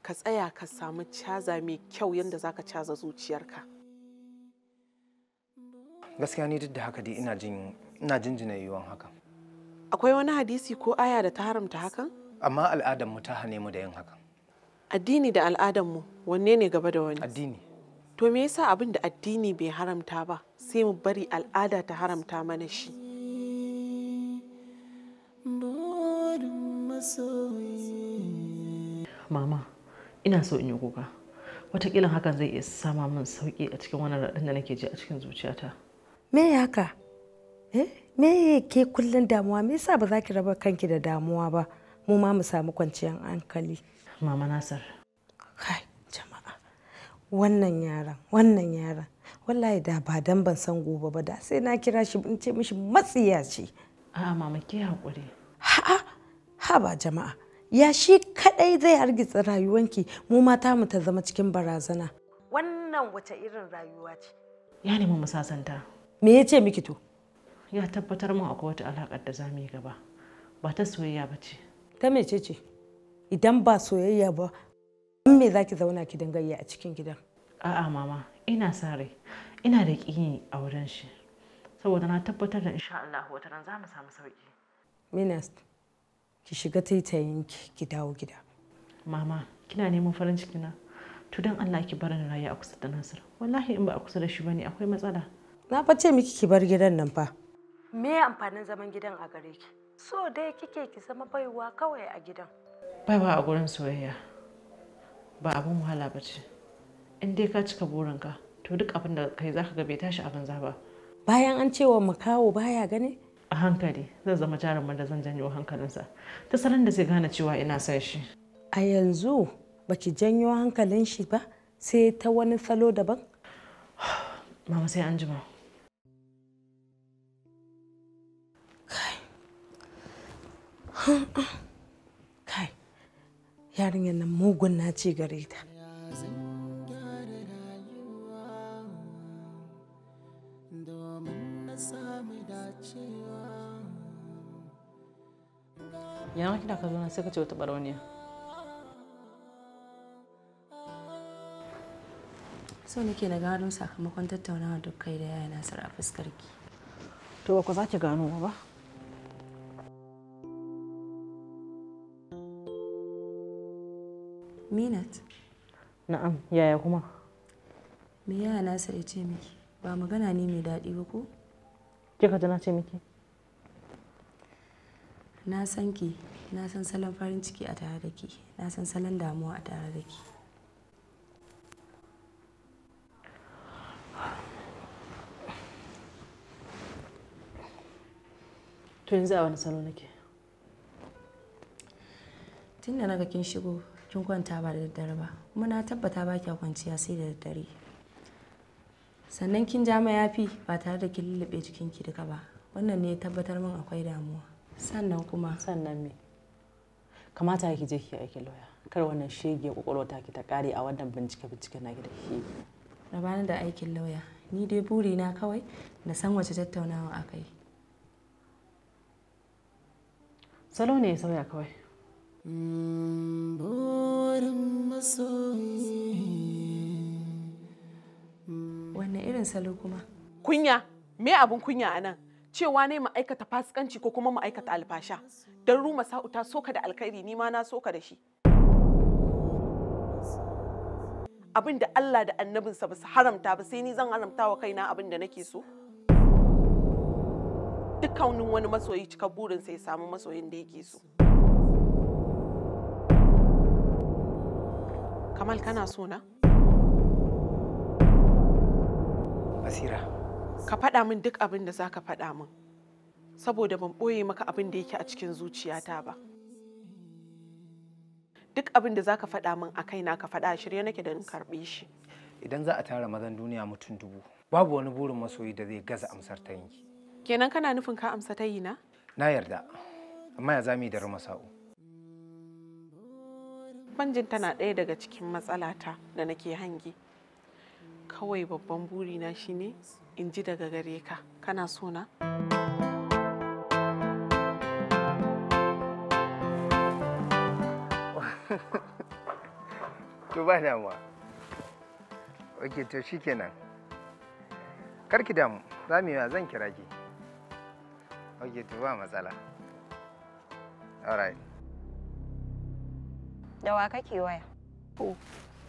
ka tsaya ka samu caza mai kyau yadda zaka caza zuciyarka gaskiya ni duk da haka dai ina jin ina yiwuwan hakan akwai wani hadisi ko aya da ta haramta hakan amma al'adar mu ta hane mu da yin haka addini da al'adarmu wanne ne gaba da wani addini to me yasa abin da addini bai haramta ba sai mu bari al'ada ta haramta mana shi mama ina so in yi kuka Wataƙila hakan zai iya sama min sauki a cikin wani raɗin da nake ji a cikin zuciyata me ya haka eh me ke kullun damuwa me yasa ba za ki raba kanki da damuwa ba mu ma mu samu kwanciyar hankali mama nasar kai jama'a wannan yaran wannan yaran wallahi da ba dan ban san gobe ba da sai na kira shi in ce mishi ce. a'a mama ke hakuri ha'a ha ba jama'a ya shi kadai zai hargitsa rayuwanki mu mata mu ta zama cikin barazana wannan wace irin rayuwa ce ya nemi mu sasanta me ya ce miki to ya tabbatar mu akwai wata alaƙar da za mu yi gaba ba ta soyayya ba ce ta mece ce idan ba soyayya ba an me za ki zauna ki dangayya a cikin gidan a'a mama ina sa ina da kini a wurin shi saboda na tabbatar da insha Allah wata ran za mu samu sauki minas ki shiga taitayinki ki dawo gida mama kina neman farin ciki na to dan Allah ki bar ni rayu a kusa da Nasir wallahi in ba a kusa da shi bane akwai matsala na fa ce miki ki bar gidan nan fa me amfanin zaman gidan a gare ki so dai kike ki zama baiwa kawai a gidan baiwa a gurin soyayya ba abin wahala ba in dai ka cika burinka to duk abin da kai zaka ga bai tashi abin zaba. bayan an cewa makawo baya gane a hankali zan zama jarumin da zan janyo hankalinsa ta sanin da zai gane cewa ina son shi a yanzu baki janyo hankalin shi ba sai ta wani salo daban mama sai an jima Kai, yarinyar nan mugun na ce gare ta. Yana kina ka zo nan sai ka ce wata barauniya. Sau nake na gano sakamakon tattaunawa duk kai da yaya nasara a fuskarki. To ba ku za ki gano ba? Minat. Na'am, yaya kuma? Me yaya Nasir ya ce miki? Ba magana ne mai daɗi ba ko? Kika ji na ce miki? Na san ki, na san salon farin ciki a tare da ki, na san salon damuwa a tare da ki. To yanzu a wani salo nake? Tun da naga kin shigo kin kwanta ba da daddare ba kuma na tabbata ba kya kwanciya sai da daddare sannan kin ja mayafi ba tare da kin lullube jikinki duka ba wannan ne ya tabbatar min akwai damuwa sannan kuma sannan me kamata ki je ki aiki lauya kar wannan shege kwakwalwa ta ki ta kare a wannan bincike bincike na da ke bani da aikin lauya ni dai buri na kawai na san wace tattaunawa akai salo ne ya sauya kawai Wanne irin salo kuma? Kunya, me abin kunya a nan? Cewa ne ma'aikata fasikanci ko kuma ma'aikata alfasha. Don ruma sa'uta soka da alkhairi ni ma na soka da shi. Abin da Allah da annabinsa ba su haramta ba sai ni zan haramta wa kaina abin da nake so. Dukkanin wani masoyi cika burinsa ya samu masoyin da yake so. Kamal kana so na? Ka faɗa min duk abin da za ka faɗa min. Saboda ban ɓoye maka abin da yake a cikin zuciyata ba. Duk abin da za ka faɗa min a kaina ka faɗa shirye nake da in karɓe shi. Idan za a tara mazan duniya mutum dubu, babu wani burin masoyi da zai gaza amsar ta yi. Kenan kana nufin ka amsa ta yi na? Na yarda, amma ya zami da rama sa'o. banjin tana ɗaya daga cikin matsalata da nake hangi kawai babban burina shine in ji daga gare ka kana sona to ba damuwa ok to shikenan karki damu za mu yi zan kira ki ok to ba matsala alright Da wa kake waya?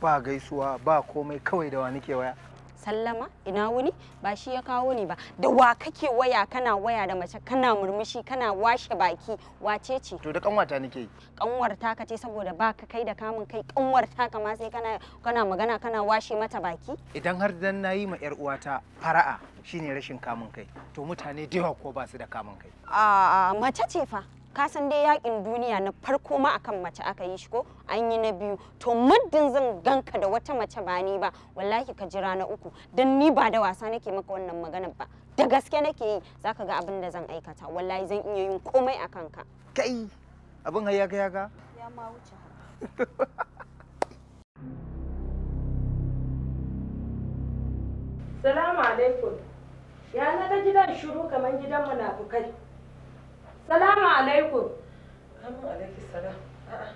Ba gaisuwa ba komai kawai da wa nake waya. Sallama ina wuni ba shi ya kawo ni ba da wa kake waya kana waya da mace kana murmushi kana washe baki wace ce to da kanwata nake yi kanwarta ka ce saboda ba ka kai da kamun kai kanwarta ka ma sai kana kana magana kana washe mata baki idan har dan nayi ma yar uwata fara'a shine rashin kamun kai to mutane da yawa ko ba su da kamun kai a mace ce fa kasan dai yakin duniya na farko ma akan mace aka yi shi ko an yi na biyu to muddin zan ganka da wata mace ba ni ba wallahi ka jira na uku dan ni ba da wasa nake maka wannan maganar ba da gaske nake yi zaka ga abin da zan aikata wallahi zan iya yin komai akan ka kai abin har ya ga ya ma wuce Salamu alaikum. Ya na gidan shiru kamar gidan munafukai. Salamu alaikum. Salamu alaikum salam. A'a.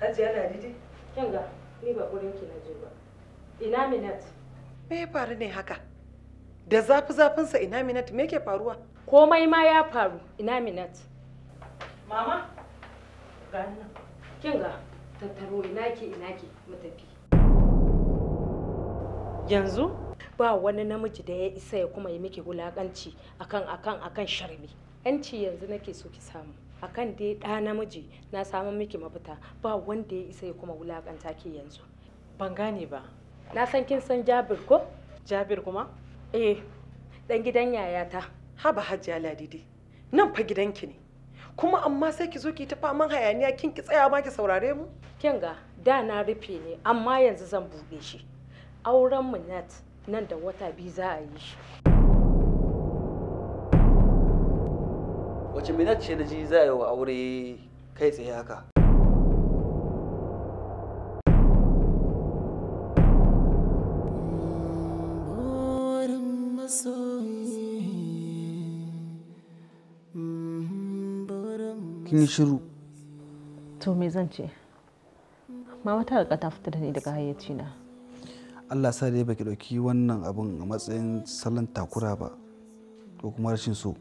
Hajiya Ladidi. Kin ga ni ba gurin ki na je ba. Ina Minat. Me ya faru ne haka? Da zafi zafin sa ina Minat me ke faruwa? Komai ma ya faru ina Minat. Mama. Ga nan. tattaro ina ki ina ki mu tafi. Yanzu ba wani namiji da ya isa ya kuma yi miki wulakanci akan akan akan sharbi. yanci yanzu nake so ki samu akan dai ɗa namiji na samun miki mafita ba wanda ya isa ya kuma wulakanta ki yanzu ban gane ba na san kin san jabir ko jabir kuma eh dan gidan yayata haba hajiya ladidi nan fa gidanki ne kuma amma sai ki zo ki ta faman hayaniya kin ki tsaya ma ki saurare mu kin ga da na rufe ne amma yanzu zan buɗe shi auren mu nat nan da wata biyu za a yi shi mace minat ce na ji za a yi wa aure kai tsaye haka kin yi shiru to me zan ce Ma wata ga ta fita da ni daga hayyaci na Allah sa dai baki dauki wannan abin a matsayin salon takura ba ko kuma rashin so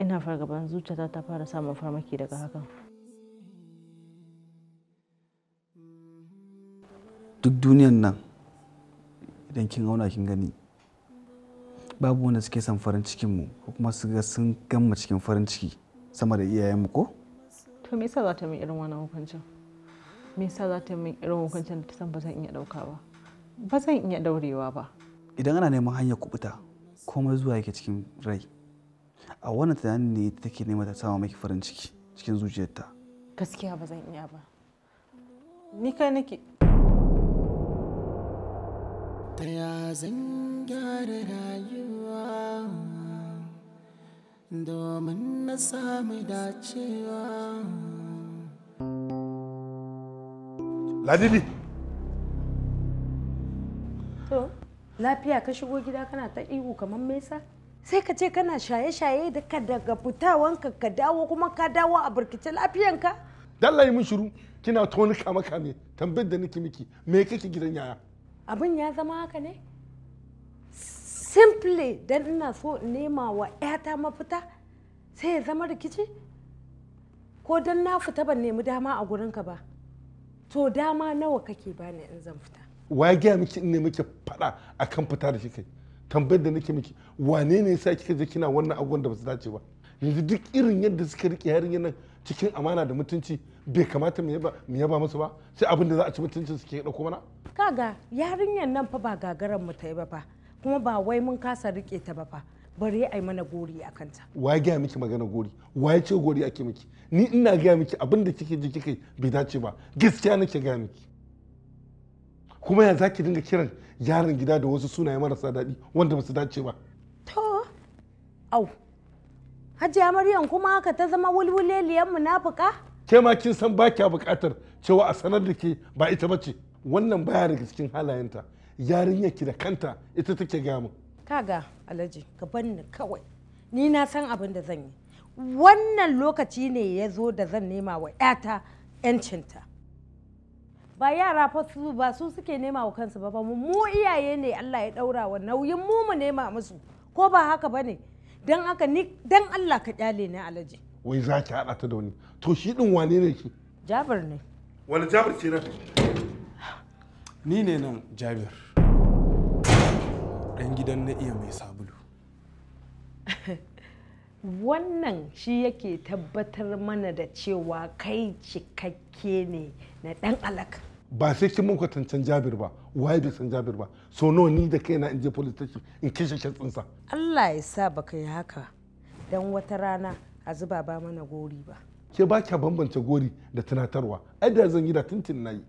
ina fargaban zuciyata ta fara samun farmaki daga hakan duk duniyan nan idan kin auna kin gani babu wanda suke son farin cikin mu ko kuma su ga sun gama cikin farin ciki sama da iyayenmu ko to me yasa za ta min irin wannan hukuncin me yasa za ta min irin hukuncin da ta san ba zan iya dauka ba ba zan iya daurewa ba idan ana neman hanyar kubuta komai zuwa yake cikin rai a wannan tunanin ne take nema ta samu maki farin ciki cikin zuciyarta gaskiya ba zan iya ba ni kai nake ta ya zan gyara rayuwa domin na samu dacewa ladidi to lafiya ka shigo gida kana ta ihu kamar mesa sai ka ce kana shaye-shaye da ka daga fitawanka ka dawo kuma ka dawo a burkice lafiyanka dalla yi shiru kina toni kama kame tambayar da niki miki me kake gidan yaya abin ya zama haka ne simply dan ina so in nema wa 'yata mafita sai ya zama rikici ko dan na fita ban nemi dama a gurin ka ba to dama nawa kake bani in zan fita wa gaya miki in ne miki fada akan fita da shi kai tambayar da nake miki wane ne yasa kika je kina wannan abubuwan da ba su dace ba yanzu duk irin yadda suka rike yarinyar nan cikin amana da mutunci bai kamata mu yaba mu yaba musu ba sai abin da za a ci mutuncin su ke dauko mana kaga yarinyar nan fa ba gagaran mu ta yi ba fa kuma ba wai mun kasa rike ta ba fa bari ai mana gori a kanta wa ga miki magana gori wa ce gori ake miki ni ina gaya miki abin da kike ji kike bai dace ba gaskiya nake ga miki kuma ya zaki dinga kiran yaron gida da wasu sunaye marasa daɗi wanda ba su dace ba to au hajiya maryam kuma haka ta zama wulwuleliyar munafuka ke ma kin san ba kya buƙatar cewa a sanar da ke ba ita ba ce wannan baya daga cikin halayenta yarinya ki da kanta ita take gaya mu. kaga alhaji ka banni kawai ni na san abin da zan yi wannan lokaci ne ya zo da zan nema wa 'yata 'yancinta ba yara fa su ba su suke nema wa kansu ba ba mu iyaye ne Allah ya daura wa nauyin mu mu nema musu ko ba haka bane dan haka ni dan Allah ka kyale ni alaji wai za ki hada ta da wani to shi din wane ne shi Jabir ne wani Jabir ce nan ni ne nan Jabir dan gidan na iya mai sabulu wannan shi yake tabbatar mana da cewa kai cikakke ne na dan alaka ba sai kin mun kwatancan jabir ba waye bai san jabir ba so nawa ni da kaina in je police station in kishe tsinsa. Allah ya sa baka yi haka dan wata rana a zuba ba mana gori ba ke ba kya bambance gori da tunatarwa ai da zan yi da tuntun nayi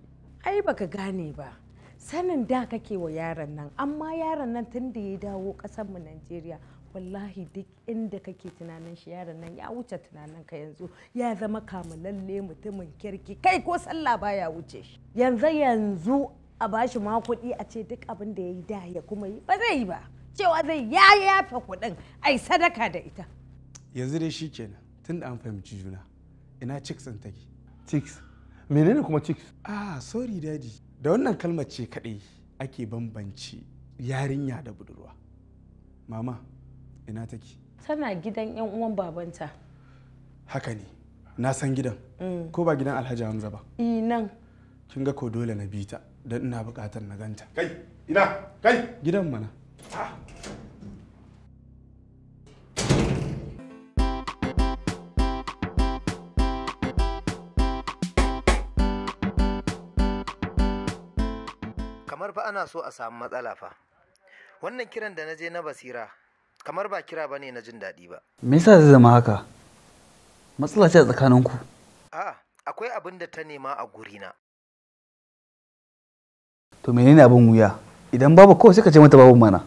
ai baka gane ba sanin da kake wa yaron nan amma yaron nan tun da ya dawo kasar mu Najeriya wallahi duk inda kake tunanin shi yaron nan ya wuce tunanin ka yanzu ya zama kamalalle mutumin kirki kai ko sallah baya wuce shi yanzu yanzu a bashi ma kuɗi a ce duk abin da ya yi da ya kuma yi ba zai yi ba cewa zai ya yafe kuɗin ai sadaka da ita yanzu dai shi kenan tun da an fahimci juna ina chicks ɗin take chicks menene kuma chicks ah sorry daddy da wannan kalmar ce kaɗai ake bambance yarinya da budurwa mama ina take tana gidan yan uwan babanta haka ne na san gidan mm. ko ba gidan alhaji hamza ba e, nan kin ga ko dole na bita don ina bukatar na ganta kai ina kai gidan mana ah. kamar fa ana so a samu matsala fa wannan kiran da na je na basira kamar ba kira ba ne na jin daɗi ba. Me yasa zai zama haka? Matsala ce a tsakaninku. A, akwai abin da ta nema a gurina. To menene abin wuya? Idan babu kowa, sai ka ce mata babu mana.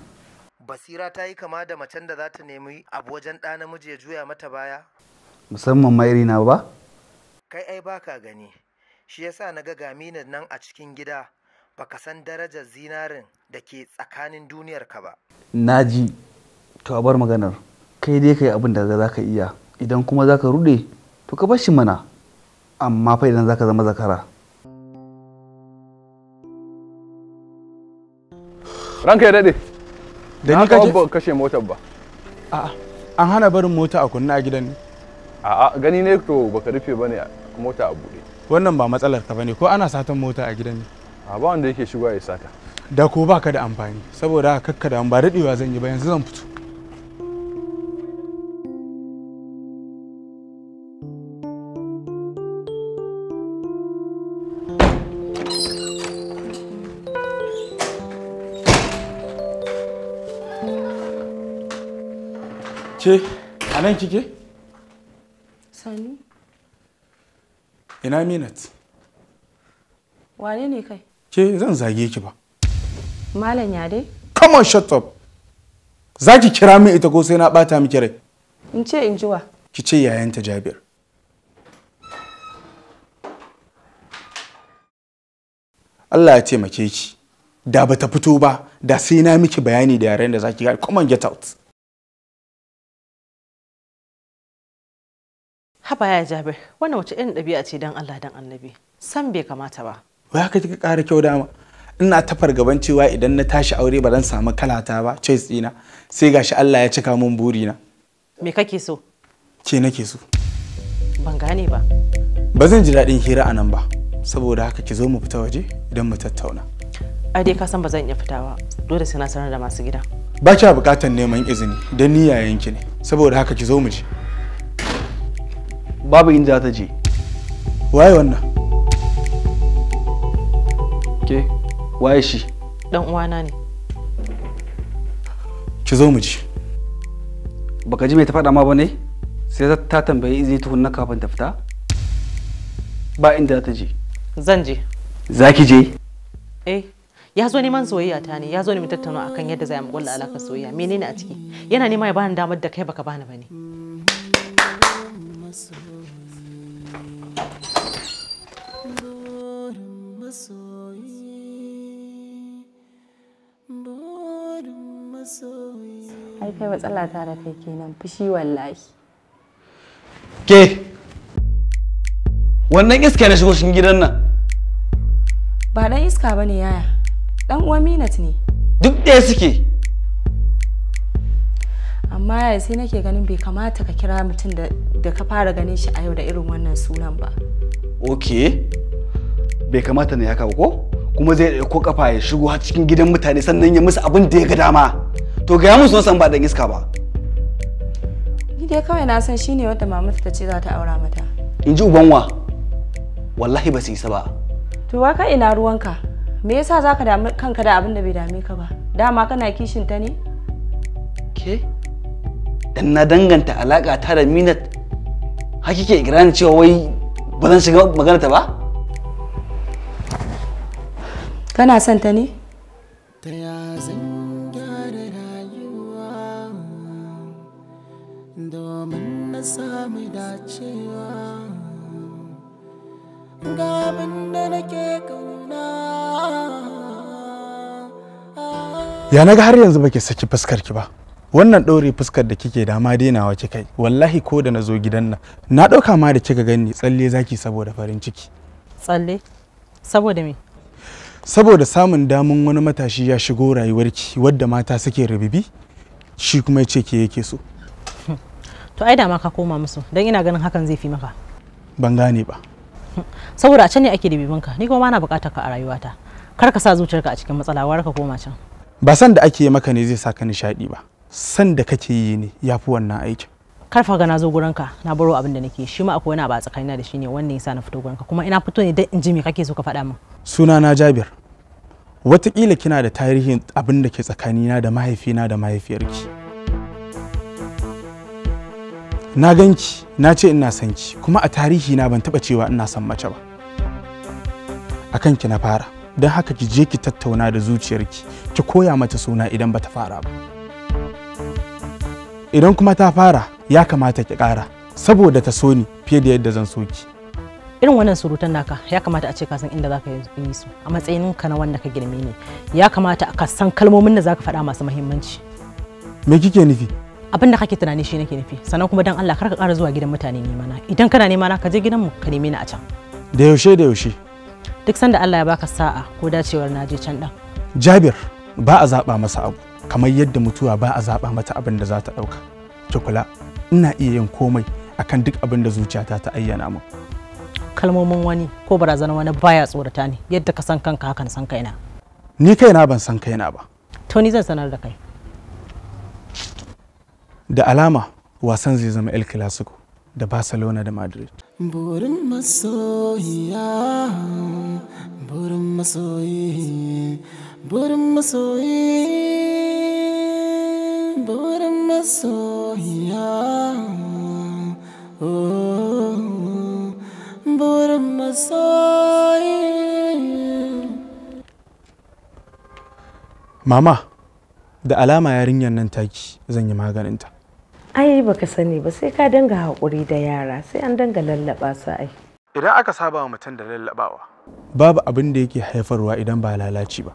Basira ta yi kama da macen da za ta nemi abu wajen ɗa namiji ya juya mata baya? Musamman ma irina ba? Kai ai baka gani. Shi yasa na ga gaminan nan a cikin gida baka san darajar zinarin da ke tsakanin duniyarka ba. Naji. to a bar maganar kai dai ka yi abin da za ka iya idan kuma za ka rude to ka bar shi mana amma fa idan za ka zama zakara ranka ya daɗe da ni ka ba kashe motar ba a'a an hana barin mota a kunna a gidan ne a'a gani ne to baka rufe bane mota a bude. wannan ba matsalar ka bane ko ana satan mota a gidan ne a ba wanda yake shigowa ya sata da ko baka da amfani saboda kakkada an ba daɗewa zan yi ba yanzu zan fito ce a nan kike? Sani. Ina minat. Wane ne kai? Ke zan zage ki ba. Malam ya dai? Come on shut up. Za ki kira min ita ko sai na bata miki rai. In ce in ji wa? Ki ce yayanta Jabir. Allah ya taimake ki. Da bata fito ba, da sai na miki bayani da yaren da zaki ga. Come on get out. haba ya jabir wannan wace irin ɗabi'a ce dan allah dan annabi san bai kamata ba wai haka kika ƙara kyau dama ina ta fargaban cewa idan na tashi aure ba zan samu kalata ba choice dina sai gashi allah ya cika mun burina me kake so ke nake so ban gane ba ba zan ji daɗin hira a nan ba saboda haka ki zo mu fita waje idan mu tattauna ai dai ka san ba zan iya fita ba dole sai na sanar da masu gida ba kya buƙatar neman izini don niyya ki ne saboda haka ki zo mu je babu inda za ta je waye wannan ke waye shi dan uwana ne ki zo mu ji baka ji mai ta faɗa ma ba ne sai ta tambayi tuhun na kafin ta fita ba inda za ta je zan je za ki je eh ya zo neman soyayya ta ne ya zo ne mu tattauna akan yadda za mu kulla alakar soyayya menene a ciki yana nema ya bani damar da kai baka bani bane ai kai matsala ta da kai kenan fushi wallahi ke wannan iska na shigo shin gidan nan ba dan iska bane yaya dan uwa minat ne duk ɗaya suke amma yaya sai nake ganin bai kamata ka kira mutum da ka fara ganin shi a yau da irin wannan sunan ba Okay. bai kamata ne haka ba ko kuma zai ɗauko kafa ya shigo har cikin gidan mutane sannan ya musu abin da ya ga dama to ga ya musu san ba dan iska ba ni dai kawai na san shine wanda mamata ta ce za ta aura mata in ji ubanwa wallahi ba su isa ba to wa ka ina ruwanka me yasa zaka dami kanka da abin da bai dame ka ba dama kana kishin ta ne ke dan na danganta alaka ta da minat hakike ikirarin cewa wai ba zan shiga magana ta ba kana son ta ne ya domin na dacewa ga da naga har yanzu baki saki fuskar ki ba wannan ɗore fuskar da kike da ma dainawa kika kai wallahi ko da nazo gidan nan na ɗauka ma da kika gani tsalle zaki saboda farin ciki tsalle saboda me saboda samun damun wani matashi ya shigo rayuwarki wadda mata suke rabibi shi kuma ya ce ke yake so to ai da ma ka koma musu don ina ganin hakan zai fi maka ban gane ba saboda a can ne ake ka ni kuma na bukatar ka a rayuwata kar ka sa zuciyarka a cikin matsala war ka koma can ba san da ake maka ne zai sa ka nishadi ba san da kake yi ne ya fi wannan aikin karfa ga na zo ka na baro abin da nake shi ma akwai wani abu a tsakanina da shi ne wannan yasa na fito ka kuma ina fito ne dan in ji me kake so ka faɗa min Suna na jabir watakila kina da tarihin abin da ke tsakanina da mahaifina da mahaifiyarki na ganki na ce ina son ki kuma a tarihi na ban taba cewa ina son mace ba a ki na fara don haka ki je ki tattauna da zuciyarki ki koya mata suna idan ba ta fara ba idan kuma ta fara ya kamata ki ƙara saboda ta so ni fiye da yadda zan so ki irin wannan surutan naka ya kamata a ce ka san inda zaka yi su a matsayin ka na wanda ka girme ne ya kamata ka san kalmomin da zaka faɗa masu mahimmanci. me kike nufi abin da kake tunani shi nake nufi sannan kuma dan Allah kar ka ƙara zuwa gidan mutane ne mana idan kana nema na ka je gidan mu ka neme ni a can da yaushe da yaushe duk sanda Allah ya baka sa'a ko dacewar na je can dan Jabir ba a zaba masa abu kamar yadda mutuwa ba a zaba mata abin da za ta dauka ki kula ina iya yin komai akan duk abin da zuciyata ta ayyana min kalmomin wani ko barazanar wani baya tsorata ne yadda ka san kanka hakan san kaina ni kaina ban san kaina ba to ni zan sanar da kai da alama wasan zai zama el clasico da barcelona da madrid burin masoyiya burin masoyi burin masoyi burin masoyiya oh. Mama, da alama yarinyar nan taki zan yi maganinta. Ai baka sani ba sai ka danga haƙuri da yara sai an danga lallaba su ai. Idan aka saba wa mutum da lallabawa. Babu abin da yake haifarwa idan ba lalaci ba.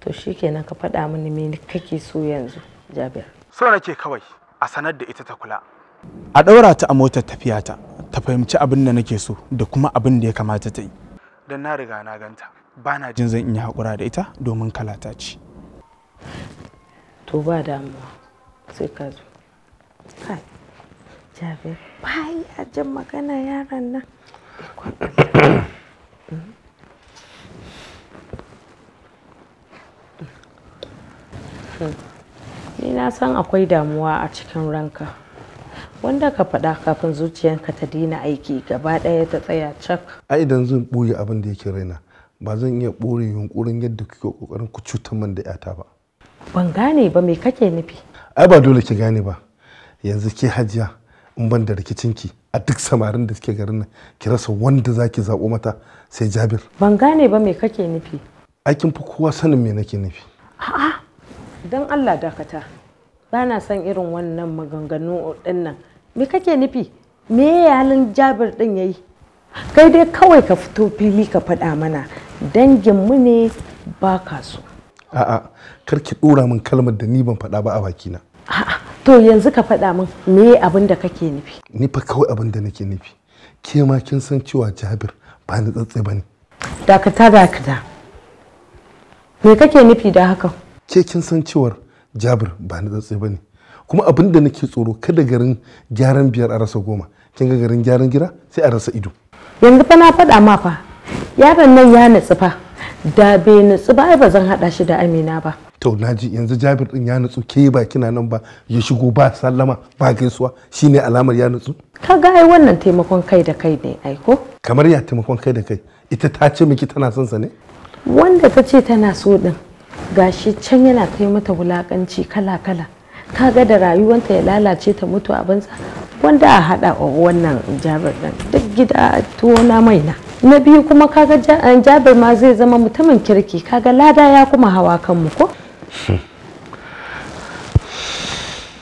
To shikenan ka faɗa mini me kake so yanzu, Jabir. So nake kawai a sanar da ita ta kula. A ɗaura ta a motar tafiyata. ta fahimci abin da nake so da kuma abin da ya kamata ta yi don na riga na ganta ba na jin zan iya haƙura da ita domin kalata ce to ba damuwa sai ka zo kai jabe baya jin magana yaran nan ni na san akwai damuwa a cikin ranka wanda ka faɗa kafin zuciyarka ta dina aiki gaba ɗaya ta tsaya cak a idan zan ɓoye abin da yake raina ba zan iya ɓore yunkurin yadda kuke ƙoƙarin ku cutar man da yata ba ban gane ba me kake nufi ai ba dole ki gane ba yanzu ke hajiya in ban da ki a duk samarin da suke garin nan ki rasa wanda zaki zaɓo mata sai jabir ban gane ba me kake nufi aikin fi kowa sanin me nake nufi a'a don allah dakata ba na son irin wannan maganganu din nan me kake nufi me yalin halin jabir ɗin ya yi kai dai kawai ka fito fili ka faɗa mana danginmu ne ba ka so a'a kar ki ɗora min kalmar da ni ban faɗa ba a bakina a'a to yanzu ka faɗa min me abin da kake nufi ni fa kawai abin da nake nufi ke ma kin san cewa jabir ba ni tsatse ba ne dakata dakata me kake nufi da hakan ke kin san cewar jabir ba na ba ne kuma abin da nake tsoro kada garin gyaran biyar a rasa goma kin ga garin gyaran gida sai a rasa ido yanzu fa na faɗa ma fa yaron nan ya natsu fa da bai natsu ba ba zan haɗa shi da amina ba to naji yanzu jabir din ya natsu ke ba kina nan ba ya shigo ba sallama ba gaisuwa shine alamar ya natsu ka ga ai wannan taimakon kai da kai ne aiko kamar ya taimakon kai da kai ita ta ce miki tana son sa ne wanda ta ce tana so din gashi can yana kai mata wulakanci kala-kala kaga da rayuwanta ya lalace ta mutu a banza wanda a hada wannan jabir din duk gida tuwo na maina na biyu kuma kaga eh, jabir ma zai zama mutumin kirki kaga lada ya kuma hawa kanmu ko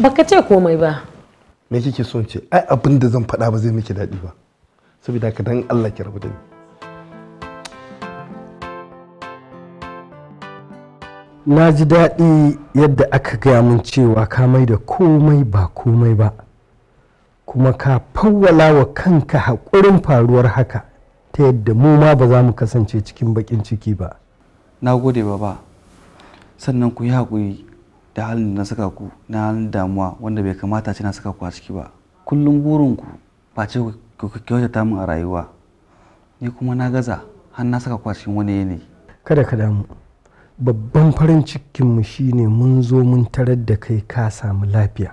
baka ce komai ba me kike son ce ai abin da zan faɗa ba zai miki daɗi ba saboda ka dan Allah ki rabu da ni na ji daɗi yadda aka gaya min cewa ka mai da komai ba komai ba kuma ka fawwala wa kanka haƙurin faruwar haka ta yadda mu ma ba za mu kasance cikin baƙin ciki ba na gode ba sannan ku yi haƙuri da halin na saka ku na halin damuwa wanda bai kamata ce na saka ku a ciki ba kullum burinku ba ce ku kyautata min a rayuwa ni kuma na gaza har na saka ku a cikin wani yanayi kada ka damu babban farin cikinmu shine mun zo mun tarar da kai ka samu lafiya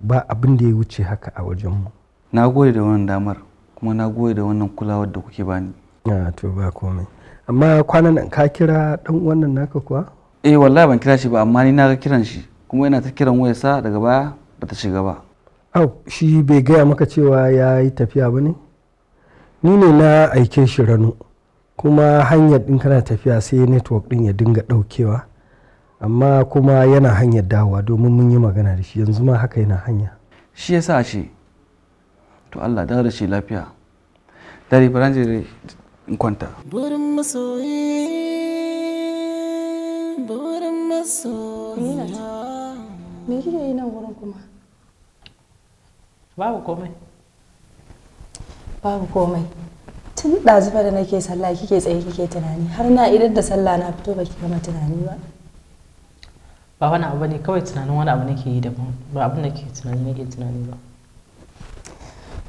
ba abin da ya wuce haka a wajenmu na gode da wannan damar kuma na gode da wannan kulawar da kuke bani a to ba komai amma kwanan nan ka kira dan wannan naka kuwa eh wallahi ban kira shi ba amma ni na ga kiran shi kuma yana ta kiran wayarsa daga baya bata shiga ba au shi bai gaya maka cewa ya yi tafiya ba ne ni ne na aike shi rano kuma hanyar din kana tafiya sai network din ya dinga daukewa amma kuma yana hanyar dawowa domin mun yi magana da shi yanzu ma haka yana hanya shi yasa shi to Allah dan rashin lafiya dare baran je in kwanta burin masoyi burin masoyi me kike yi nan gurin kuma babu komai babu komai tun ɗazufa da nake sallah kike tsaye kike tunani har na idan da sallah na fito baki gama tunani ba ba wani abu ne kawai tunanin wani abu nake yi daban ba abin da ke tunani nake tunani ba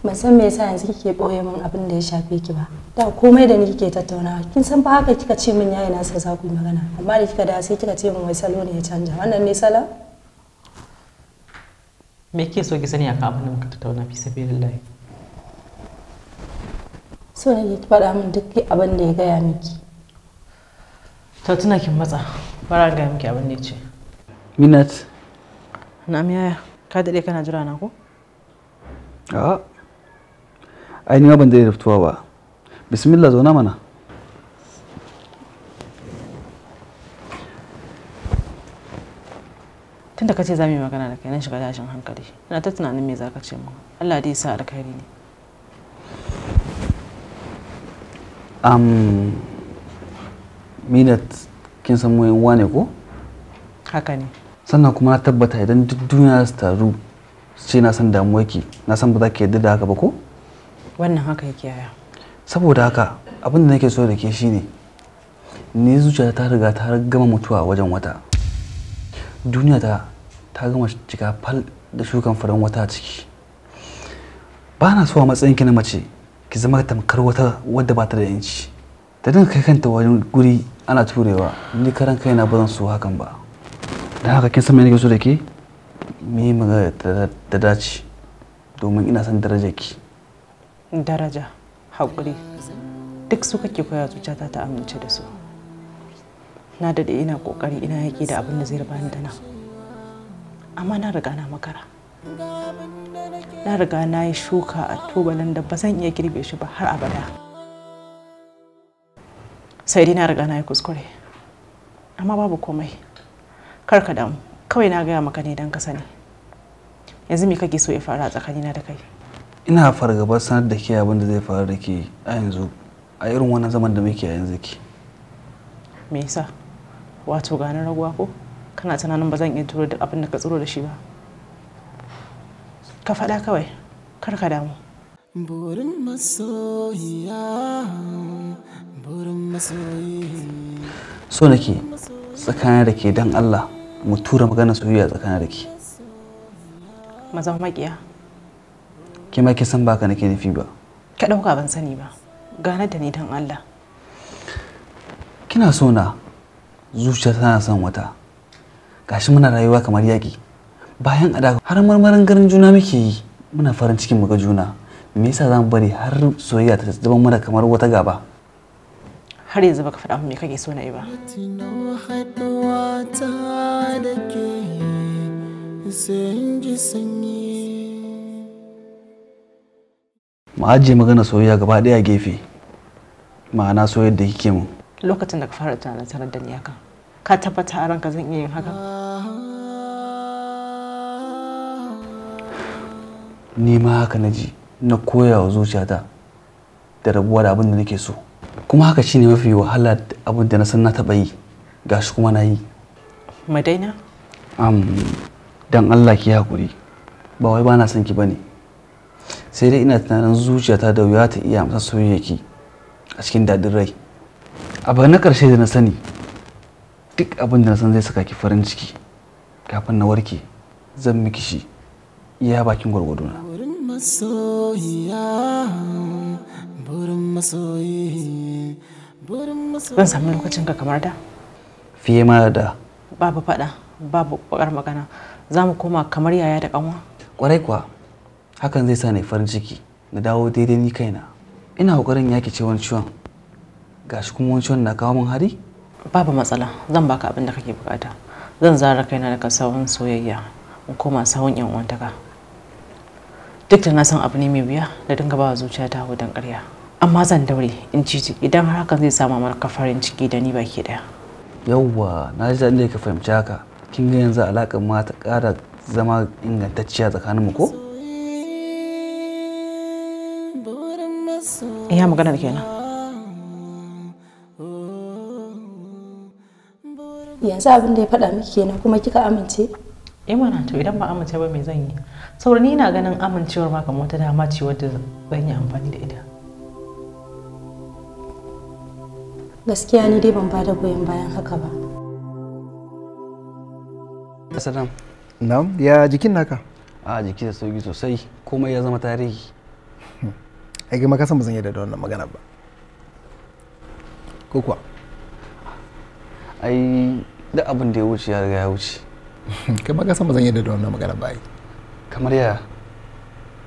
ban san me yasa yanzu kike ɓoye min abin da ya shafe ki ba da komai da ni kike tattaunawa kin san ba haka kika ce min yayi na sa za ku magana amma da kika da sai kika ce min wai salo ne ya canja wannan ne sala me kike so ki sani akan abin da muka tattauna fi sabilillahi so ne ki faɗa min duk abin da ya gaya miki ta tuna kin matsa bara ga miki abin da ya ce minat na yaya ka daɗe kana jira na ko a ai ni ma ban daɗe da fitowa ba bismillah zauna mana tunda ka ce za mu yi magana da kai nan shiga tashin hankali ina ta tunanin me za ka ce mu Allah dai ya sa alkhairi ne um, minat kin san mu yawa ne ko haka ne sannan kuma na tabbata idan duk duniya su taru ce na san damuwa ki na san ba za ki yarda da haka ba ko wannan haka yake yaya saboda haka abin da nake so da ke ne ne zuciya ta riga ta gama mutuwa wajen wata duniya ta ta gama cika fal da shukan farin wata ciki ba na so a matsayin ki na mace ki zama tamkar wata wadda ba ta da yanci ta dinga kai kanta wani guri ana turewa ni karan kai na bazan su hakan ba don haka kin san me nake so da ke me yi magana da dace domin ina son daraja ki daraja haƙuri duk su kake koya zuciyata ta amince da su na daɗe ina ƙoƙari ina yaƙi da abin da zai rabani da nan amma na riga na makara na riga na yi shuka a tubalin da ba zan iya girbe shi ba har abada sai dai na riga na yi kuskure amma babu komai kar ka damu kawai na gaya maka ne don ka sani yanzu me kake so ya fara a tsakanina da kai ina fargaba sanar da ke abin da zai faru da ke a yanzu a irin wannan zaman da muke a yanzu ke me yasa wato ganin raguwa ko kana tunanin ba zan iya turo duk abin ka tsoro da shi ba ka faɗa kawai kar ka damu burin masoyiya burin masoyiya so nake tsakanin da ke don Allah mu tura magana soyayya tsakanin da ke mazan makiya ke ma ke san baka nake nufi ba ka ɗauka ban sani ba gane da ni don Allah kina so na zuciya tana son wata gashi muna rayuwa kamar yaƙi bayan a har marmarin garin juna muke yi muna farin cikin muga juna me yasa zamu bari har soyayya ta zama mana kamar wata gaba har yanzu baka faɗa me kake so na yi ba mu ajiye magana soyayya gaba ɗaya gefe ma'ana soyayya da kike mu lokacin da ka fara tunanin tarar da ni haka ka tabbata a ranka zan iya yin haka ni ma haka na ji na koya wa zuciyata da rabuwa da abin da nake so kuma haka shine mafi wahala abin da na san na taɓa yi ga shi kuma na yi madaina am don allah ki hakuri ba wai ba na son ki bane sai dai ina tunanin zuciyata da wuya ta iya amsa soyayya ki a cikin daɗin rai abu na karshe da na sani duk abin da na san zai saka ki farin ciki kafin na warke zan miki shi iya bakin gwargwado na zan sami lokacin ka kamar da fiye ma da babu fada babu bakar magana za mu koma kamar yaya da kanwa kwarai kuwa hakan zai sa ni farin ciki na dawo daidai ni kaina ina kokarin yaki ce wani ciwon gashi kuma wani ciwon na kawo min hari babu matsala zan baka abin da kake bukata zan zara kaina daga sauran soyayya in koma sawun yan uwantaka duk da na san abu ne mai wuya da dinga ba zuciya ta hudan ƙarya amma zan daure in ci idan har hakan zai samu mana kafarin ciki da ni baki daya yawwa na ji daɗin ka fahimci haka kin ga yanzu alaƙar ma ta ƙara zama ingantacciya tsakanin mu ko iya maganar kenan yanzu abin da ya faɗa miki kenan kuma kika amince eh to idan ba amince ba me zan yi saboda ni na ganin amincewar ma kamar wata dama ce wadda zan yi amfani da ita gaskiya ni dai ban ba da goyon bayan haka ba asalam Na'am, ya jikin naka? A jiki da sauki sosai, komai ya zama tarihi. Hmm. Ai ga makasan ba zan yarda da wannan magana ba. Ko kuwa? Ai duk abin da ya wuce ya riga ya wuce. kai ka san ba zan yadda da wannan magana ba kamar yaya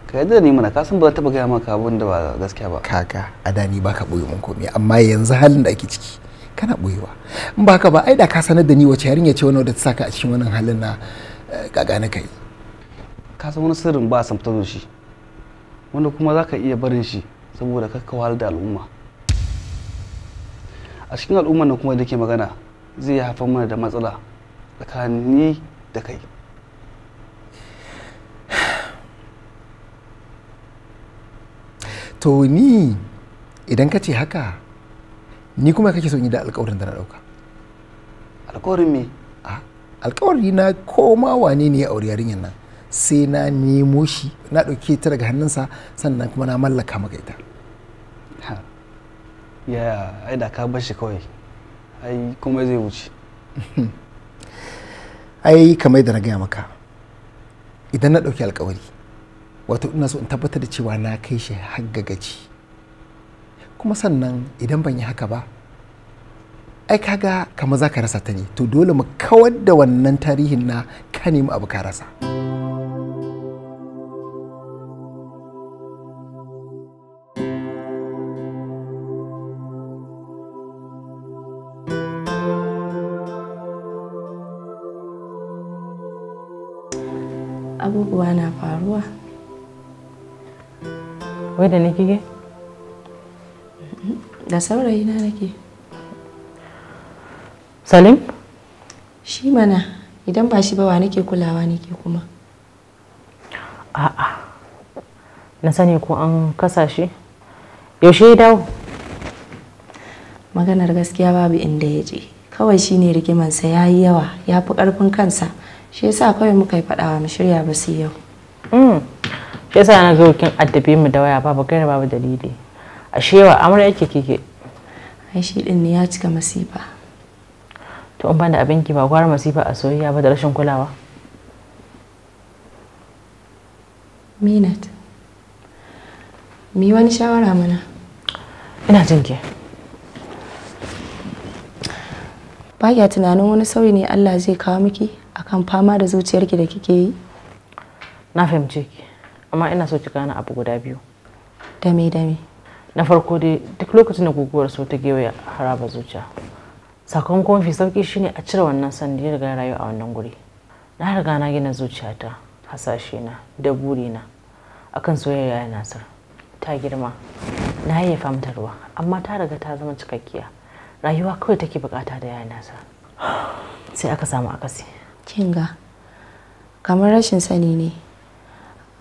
ka yadda ni mana kasan ba taba gaya maka abun da ba gaskiya ba kaka a da ni baka boye mun komai amma yanzu halin da ake ciki kana boyewa in ba ka ba ai da ka sanar da ni wace yarinya ce wani da ta saka a cikin wannan halin na gaga eh, na kai ka san wani sirrin ba san fitar shi wanda kuma za ka iya barin shi saboda kakka wahalar da al'umma a cikin al'umman nan kuma da ke magana zai haifar mana da matsala tsakani da kai to ni idan ka ce haka ni kuma kake so yi da alkawarin da na dauka alkawarin me alkawari na koma wane ne ya auri yarinyar nan sai na nemo shi na ɗauke ta daga hannunsa sannan kuma na mallaka maka ita ya ai da ka bar shi kawai ai kuma zai wuce ai kamar da na gaya maka idan na ɗauki alkawari wato ina so in tabbatar da cewa na kai shi har gaci kuma sannan idan ban yi haka ba ai kaga kamar za ka rasa ta ne to dole mu kawar da wannan tarihin na ka nemi abu ka rasa. abubuwa na faruwa wai da nake ke mm-hmm. da saurayi na nake salim shi mana idan ba shi ba wa nake kulawa nake kuma a'a na sani ko an kasa shi yaushe ya dawo maganar gaskiya babu inda ya je kawai shine rigimansa ya yi yawa ya fi ƙarfin kansa shi yasa kawai muka yi faɗawa mu shirya ba su yau mm. shi yasa na zo kin addabe mu da waya babu gaira babu dalili ashe wa amra yake kike ai shi din ne ya cika masifa to in banda abinki ba gwara masifa a soyayya ba da rashin kulawa minat mi wani shawara mana ina jin ki ba tunanin wani sauyi ne Allah zai kawo miki akan fama da zuciyarki da kike yi? Na fahimce ki, amma ina so ki gane abu guda biyu. Dame dame. Na farko dai duk lokacin da guguwar so ta gewaya haraba zuciya. Sakamakon kofi sauki shine a cire wannan sandi riga rayu a wannan guri. Na riga na gina zuciyata, hasashe na, da burina akan soyayya ya nasar. Ta girma, na yi famtarwa, ruwa, amma ta riga ta zama cikakkiya. Rayuwa kawai take bukata da ya nasa Sai aka samu akasi. kinga kamar rashin sani ne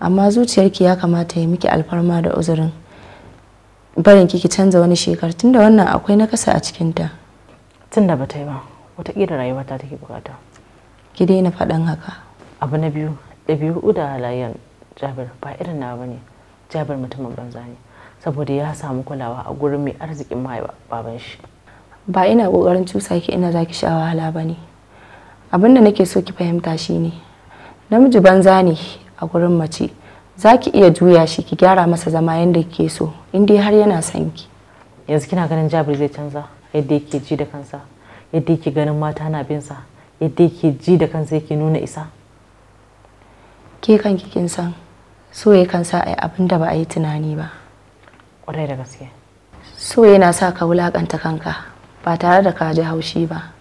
amma zuciyarki ya kamata ya miki alfarma da uzurin barin kiki canza wani shekar tunda wannan akwai nakasa a cikinta tunda bata yi ba kira rayuwa ta take bukata ki daina faɗan haka abu na biyu ɗabi'u da halayyar jabir ba irin na bane jabir mutumin banza ne saboda ya samu kulawa a gurin mai arzikin baban shi ba ina ƙoƙarin cusa ki ina zaki sha wahala bane abin da nake so ki fahimta shine namiji banza ne a gurin mace za ki iya juya shi ki gyara masa zama yadda ke so in har yana son ki yanzu kina ganin jabir zai canza yadda yake ji da kansa yadda yake ganin mata na bin sa yadda yake ji da kansa yake nuna isa ke kanki kin san so ya kan sa ai abin da ba a yi tunani ba kwarai da gaske so yana sa ka wulakanta kanka ba tare da ka ji haushi ba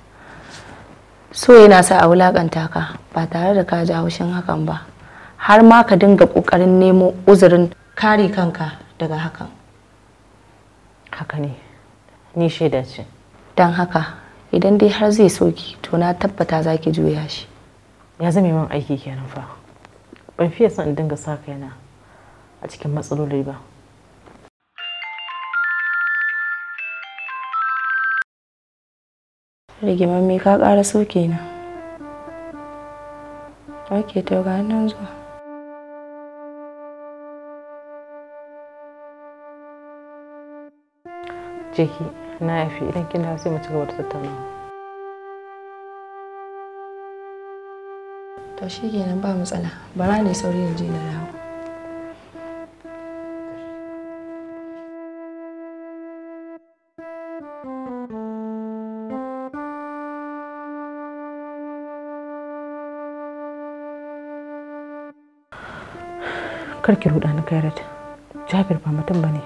so yana sa a wulakanta ka ba tare da ka ji haushin hakan ba har ma ka dinga kokarin nemo uzurin kare kanka daga hakan haka ne ni shaida ce don haka idan dai har zai soki to na tabbata za ki juya shi ya zame min aiki kenan fa ban fiye son in dinga sa yana a cikin matsaloli ba rigimamme ka ƙara so kenan ok to ga nan zuwa ciki na yafi idan kina sai mu ci gaba da tattaunawa to shi kenan ba matsala bara ne sauri na je na dawo ki ruɗa ni Khairat jabir ba mutum ba ne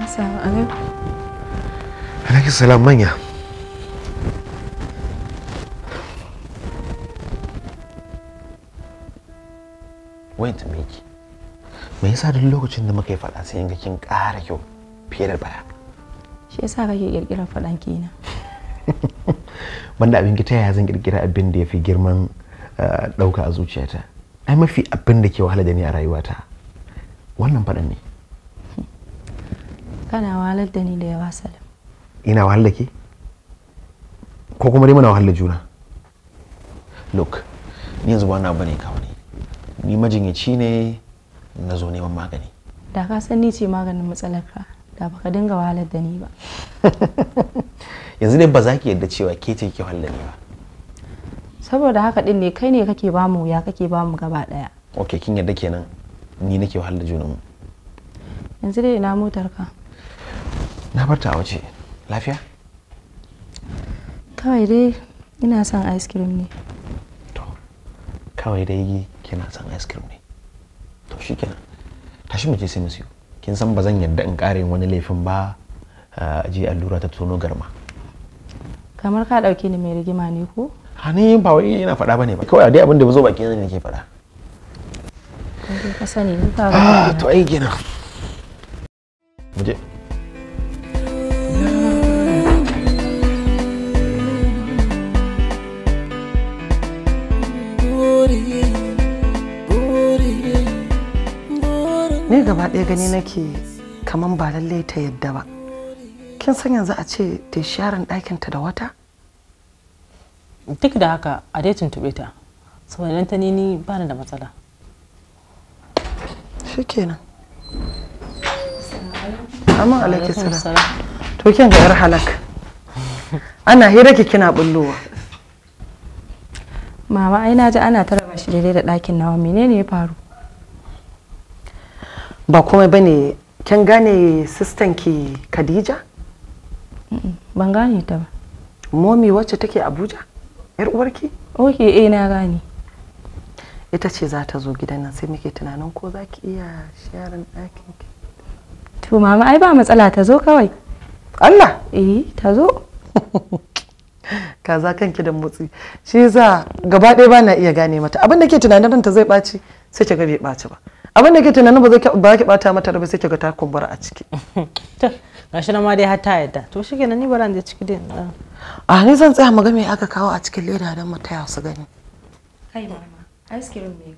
Assalamu alaikum. salam manya. Wait miki. Me yasa duk lokacin da muka yi faɗa sai kin ƙara kyau fiye da baya? Shi yasa kake ƙirƙirar faɗan kenan. banda abin ki ta yaya zan kirkira abin da ya fi girman eh, ɗauka a zuciyata ai mafi abin da ke wahala da ni a rayuwata wannan faɗan ne kana wahalar da ni da yawa salim ina wahalar da ke ko kuma dai muna wahalar juna look ni yanzu ba na bane ka wani ni majinyaci ne na zo neman magani da ka san ni ce maganin matsalarka da baka dinga wahalar da ni ba yanzu dai ba za ki yadda cewa ke ce ki ne ba saboda haka din ne kai ne kake bamu ya kake bamu gaba daya ok kin yadda kenan ni nake wahal da junanmu yanzu dai ina motar ka na barta a waje lafiya kawai dai ina son ice cream ne to kawai dai kina son ice cream ne to shikenan tashi mu je sai mu siyo kin san ba zan yadda in kare wani laifin ba a eh, je allura ta tono garma kamar ka dauke ni mai rigima ne ko hani ba wai ina faɗa bane ba kawai dai abin da zo baki ne nake faɗa ah, to ai gina muje ne gaba ɗaya gani nake kaman ba lallai ta yadda ba kin san yanzu a ce ta sharin ɗakinta da wata duk da haka a dai tuntube ta saboda nan ta nini ba da matsala shikenan amma alaƙi sara to kin ga yar halak ana hira ki kina bullowa mama ai na ji ana ta shi daidai da ɗakin nawa menene ya faru ba komai bane kin gane sistan ki Khadija ban gane ta ba momi wacce take abuja yar uwarki ok eh na gane ita ce za ta zo gidan nan sai muke tunanin ko za ki iya sharin ɗakin ki to mama ai ba matsala ta zo kawai allah eh ta zo kaza kanki da motsi shi za gaba ɗaya ba na iya gane mata abin da ke tunanin ta zai ɓaci sai ki ga bai ɓaci ba abin da ke tunanin ba zai ba ki ɓata mata ba sai ki ga ta kumbura a ciki gashi na ma dai har ta to shi kenan ni ba ran ciki dai a ah, ni zan tsaya mu ga me aka kawo a cikin leda don mu taya su gani kai mama ice cream me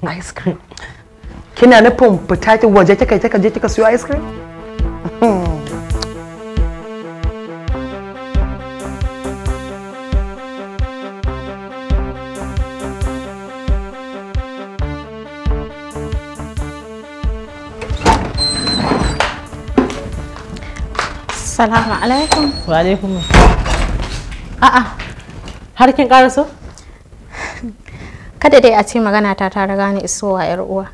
ba ice cream kina nufin fita waje kika je kika siyo ice cream Assalamu alaikum. Wa alaikum. A'a. Har kin karaso? Kada dai a ce magana ta ta riga ni isowa yar uwa.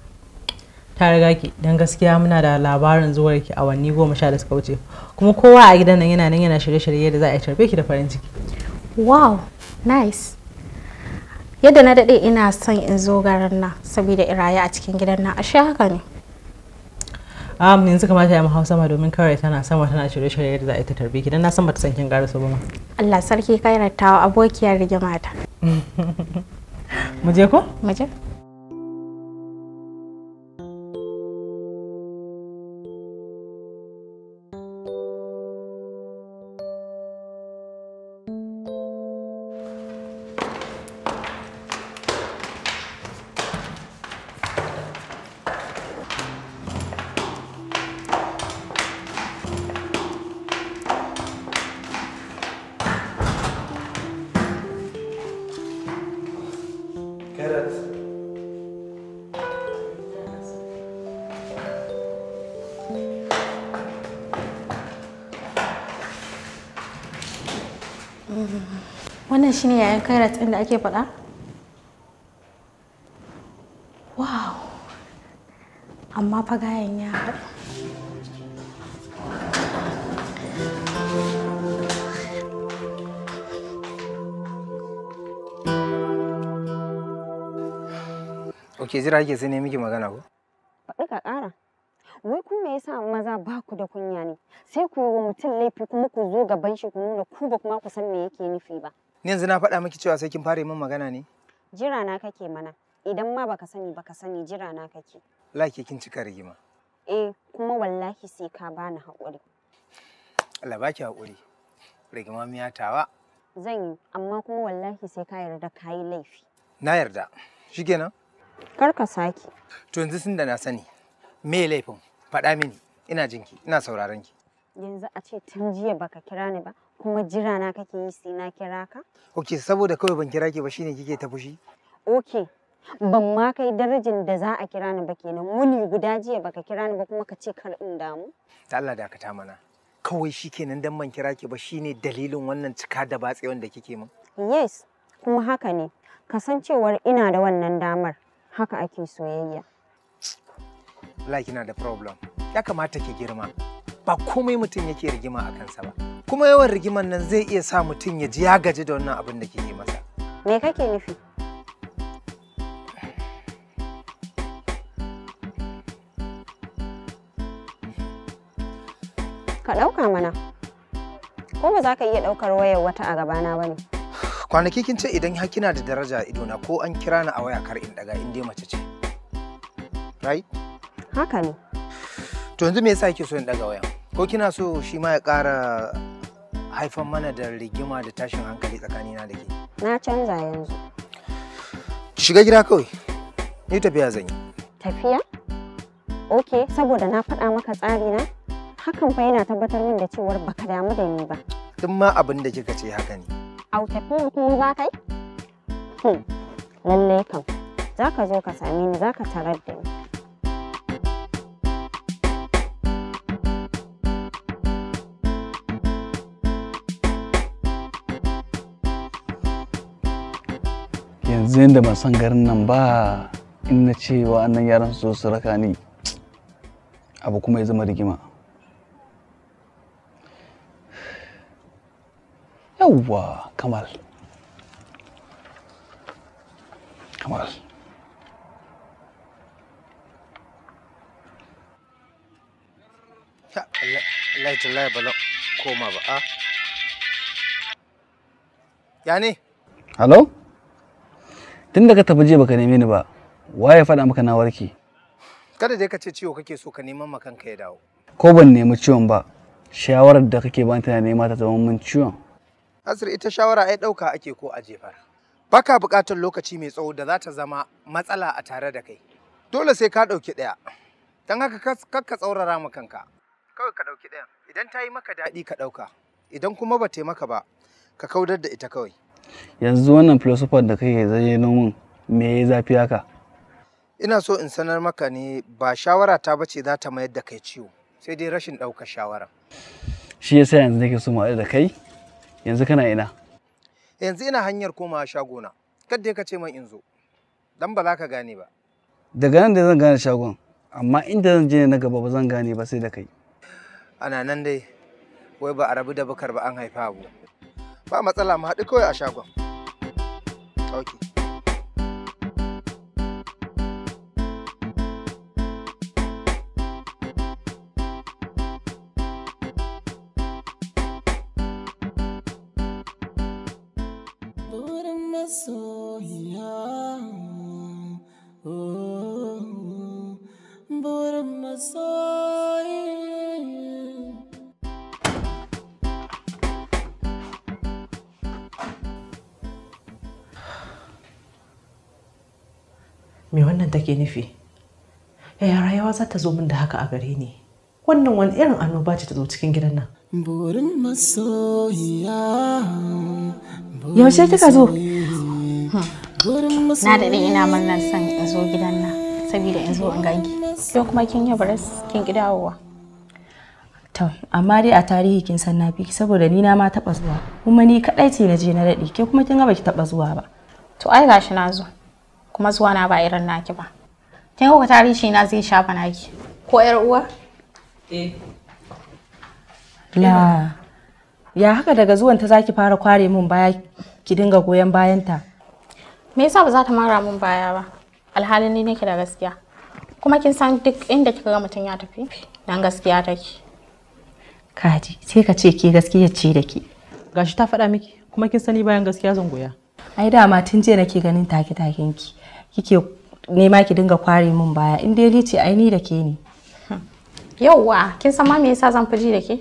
Ta riga ki dan gaskiya muna da labarin zuwar ki awanni goma sha da suka wuce. Kuma kowa a gidan nan yana nan yana shirye-shirye da za a yi tarbe ki da farin ciki. Wow, nice. Yadda na daɗe ina son in zo garin nan saboda iraye a cikin gidan nan a haka ne. am yanzu kamata ya mu hausa ma domin kawai tana sama tana shirye shirye da za a yi ta tarbi ki dan na san bata san kin gara so ba ma Allah sarki kai rattawa abokiyar rigimata mu je ko mu je kairat ɗin da ake faɗa? Wow! Amma fagayen ya haɗu. Ok, zira ake sai ne miki magana ko? Faɗi ka ƙara. wai ku me yasa maza ba ku da kunya ne sai ku yi wa mutum laifi kuma ku zo gaban shi ku nuna ku ba kuma ku san me yake nufi ba ni yanzu na faɗa miki cewa sai kin fara min magana ne jira na kake mana idan ma baka sani baka sani jira na kake laki kin cika rigima eh kuma wallahi sai ka bani haƙuri Allah baki haƙuri rigima miya tawa zan yi amma kuma wallahi sai ka yarda ka yi laifi na yarda shikenan kar ka sake to yanzu sun da na sani me laifin faɗa mini ina jinki ina sauraron ki yanzu a ce tun jiya baka kira ni ba kuma jira na kake yi sai na kira ka ok saboda kawai ban kira ki ba shine kike ta fushi ok ban ma kai darajin da za a kira ni ba kenan muni guda jiya baka kira ni ba kuma ka ce kar in damu da Allah dakata mana kawai shikenan dan ban kira ki ba shine dalilin wannan cika da batsewan da kike min yes kuma haka ne kasancewar ina da wannan damar haka ake soyayya laki kina da problem ya kamata ki girma ba komai mutum yake rigima a kansa ba kuma yawan rigiman nan zai iya sa mutum ya ji ya gaji da wannan abin da kike masa me kake nufi ka ɗauka mana ko ba za ka iya ɗaukar wayar wata a gabana ba ne kwanaki kin ce idan kina da daraja a idona ko an kira ni a waya kar in daga in dai mace ce right haka ne to yanzu me yasa yake so in daga wayan ko kina so shi ma ya kara haifan mana da rigima da tashin hankali tsakanina da ke na canza yanzu shiga gida kawai ni tafiya zan yi tafiya ok saboda na faɗa maka tsari na hakan fa yana tabbatar min da cewar baka damu da ni ba duk ma abin da kika ce haka ne au tafi kuma ba kai hmm. lallai kam za zo ka same ni zaka tarar da ni yanzu yadda ban san garin nan ba in na ce wa annan yaran su su raka ni abu kuma ya zama rigima yawwa kamal kamal Allah ya bala koma ba a ah. ya ne? Hello? tun da ka tafi je baka neme ni ba waye faɗa maka na warke kada dai ka ce ciwo kake so ka neman makanka kanka ya dawo ko ban nemi ciwon ba shawarar da kake ba ta nema ta zama mun ciwon asir ita shawara ai ɗauka ake ko a jefa baka buƙatar lokaci mai tsawo da za ta zama matsala a tare da kai dole sai ka ɗauki ɗaya don haka kar ka tsaurara ma kanka kawai ka ɗauki ɗaya, idan ta yi maka daɗi ka ɗauka idan kuma ba ta yi maka ba ka kaudar da ita kawai yanzu wannan filosofar da kake zai nomin me ya zafi haka ina so in sanar maka ne ba shawara ta bace za ta mayar da kai ciwo sai dai rashin ɗaukar shawara shi yasa yanzu nake so mu da kai yanzu kana ina yanzu ina hanyar komawa shagona kadda ka ce man in zo dan ba za ka gane ba daga nan da zan gane shagon amma inda zan je na gaba ba zan gane ba sai da kai ana nan dai wai ba a rabu da bakar ba an haifa abu ba matsala mu haɗu kawai a shagon Okay. wannan take nufi yaya rayuwa za ta zo min da haka a gare ni wannan wani irin annoba ce ta zo cikin gidan nan burin masoyiya yaushe kika zo na da ina murnar son in zo gidan nan saboda in zo in ganki yau kuma kin yi baras kin ki dawowa to amma dai a tarihi kin san nafi saboda ni na ma taba zuwa kuma ni kadai ce na je na dade ke kuma kin ga baki taba zuwa ba to ai gashi na zo kuma zuwa na ba irin naki ba kin kuka tarihi na zai shafa naki ko yar uwa eh la ya haka daga zuwan ta zaki fara kware mun baya ki dinga goyon bayanta me yasa ba za ta mara mun baya ba alhalin ni nake da gaskiya kuma kin san duk inda kika ga mutum ya tafi dan gaskiya take kaji sai ka ce ke gaskiya ce da ke gashi ta faɗa miki kuma kin sani bayan gaskiya zan goya ai da ma tun jiya nake ganin take takin ki kike nema ki dinga kware min baya in dai ni ce ai ni da ke ne yauwa kin san ma me yasa zan fiji da ke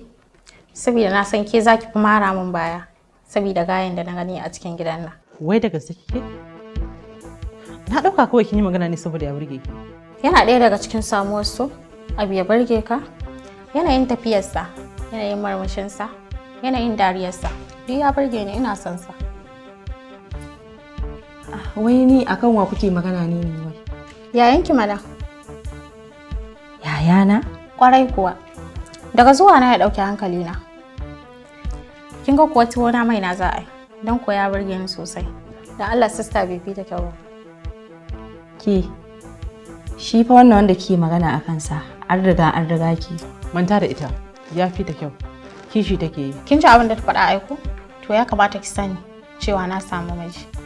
saboda na san ke zaki fi mara min baya saboda gayan da na gani a cikin gidan nan wai daga gaske kike na dauka kawai kin yi magana ne saboda ya burge ki yana ɗaya daga cikin samuwar su abu ya burge ka yanayin tafiyarsa yanayin marmashinsa yanayin dariyarsa duk ya burge ni ina son sa Wai ni akan wa kuke magana ne ne wai? ki mana. Yayana? Kwarai kuwa. Daga zuwa na ya ɗauki hankali na. Kin ga kuwa tuwo na mai na za a yi, don ko ya burge ni sosai. Da Allah sista bai fita ta kyau ba. Ke, shi fa wannan wanda ke magana a kansa, an riga an riga ki. Manta da ita, ya fi kyau. Kishi take yi. Kin ji abin da ta faɗa aiko? To ya kamata ki sani cewa na samu miji.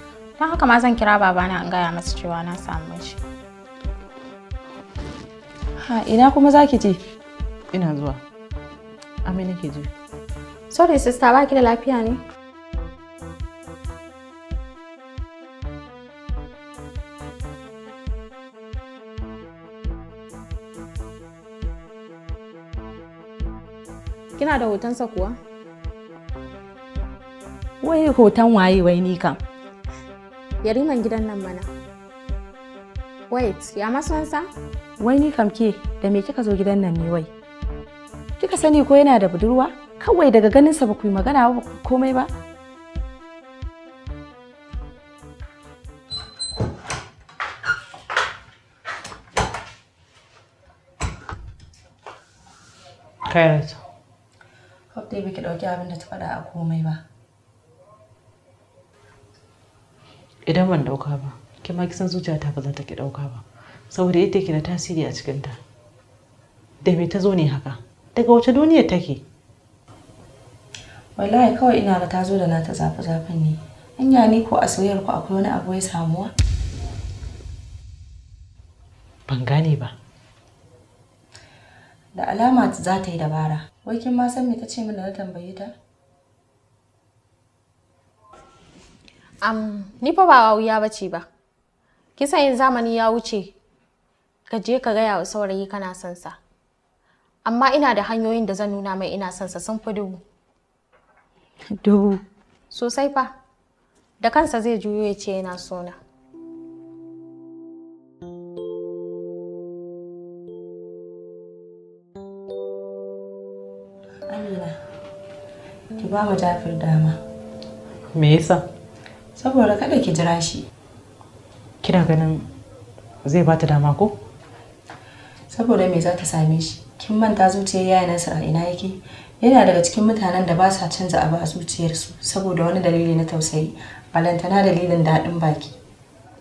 don haka ma zan kira babana in gaya masa cewa na samu shi ha ina kuma za ki je ina zuwa amai nake je sorry sister ba ki da lafiya ne kina da hotonsa kuwa? Wai hoton waye wai ni kam. yariman gidan nan mana. Wait, ya masonsa? Wai ni kamke da me kika zo gidan nan ne wai? Kika sani ko yana da budurwa? Kawai daga ganinsa ba ku yi magana ba komai ba? Kairat. Hope dai biki ɗauki abin da ta faɗa a komai ba. idan ban dauka ba ke ma kisan zuciyata ba za ta ki dauka ba saboda ita ke da tasiri a cikin ta da me ta zo ne haka daga wace duniyar take wallahi kawai ina ga ta zo da nata zafi zafin ne hanya ni ko a soyayyar ku akwai wani abu ya samuwa ban gane ba da alama za ta yi dabara wai kin ma san me ta ce min da na tambaye ta Am, ni fa ba wuya bace ba. Kisa yin zamani ya wuce ka je ka gaya wa saurayi kana son sa. Amma ina da hanyoyin da zan nuna mai ina son sa sun fi dubu. Dubu. Sosai fa. Da kansa zai juyo ya ce yana sona. Allah, ki ba mu dama. Me yasa? saboda kada ki jira shi kina ganin zai bata dama ko saboda me za ta same shi kin manta zuciyar yayin nasa a ina yake yana daga cikin mutanen da ba sa canza abu a zuciyarsu saboda wani dalili na tausayi balantana dalilin daɗin baki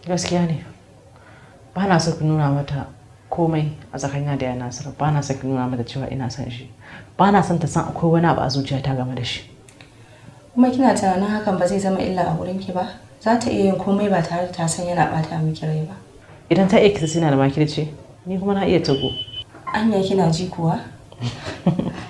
gaskiya ne ba na so ki nuna mata komai a tsakanin da yana ba na so ki nuna mata cewa ina son shi ba na son ta san akwai wani abu a ta game da shi kuma kina tunanin hakan ba zai zama illa a wurin ki ba za ta iya yin komai ba tare da ta san yana bata miki rai ba idan ta iya kisa suna da makirci ni kuma na iya tago anya kina ji kuwa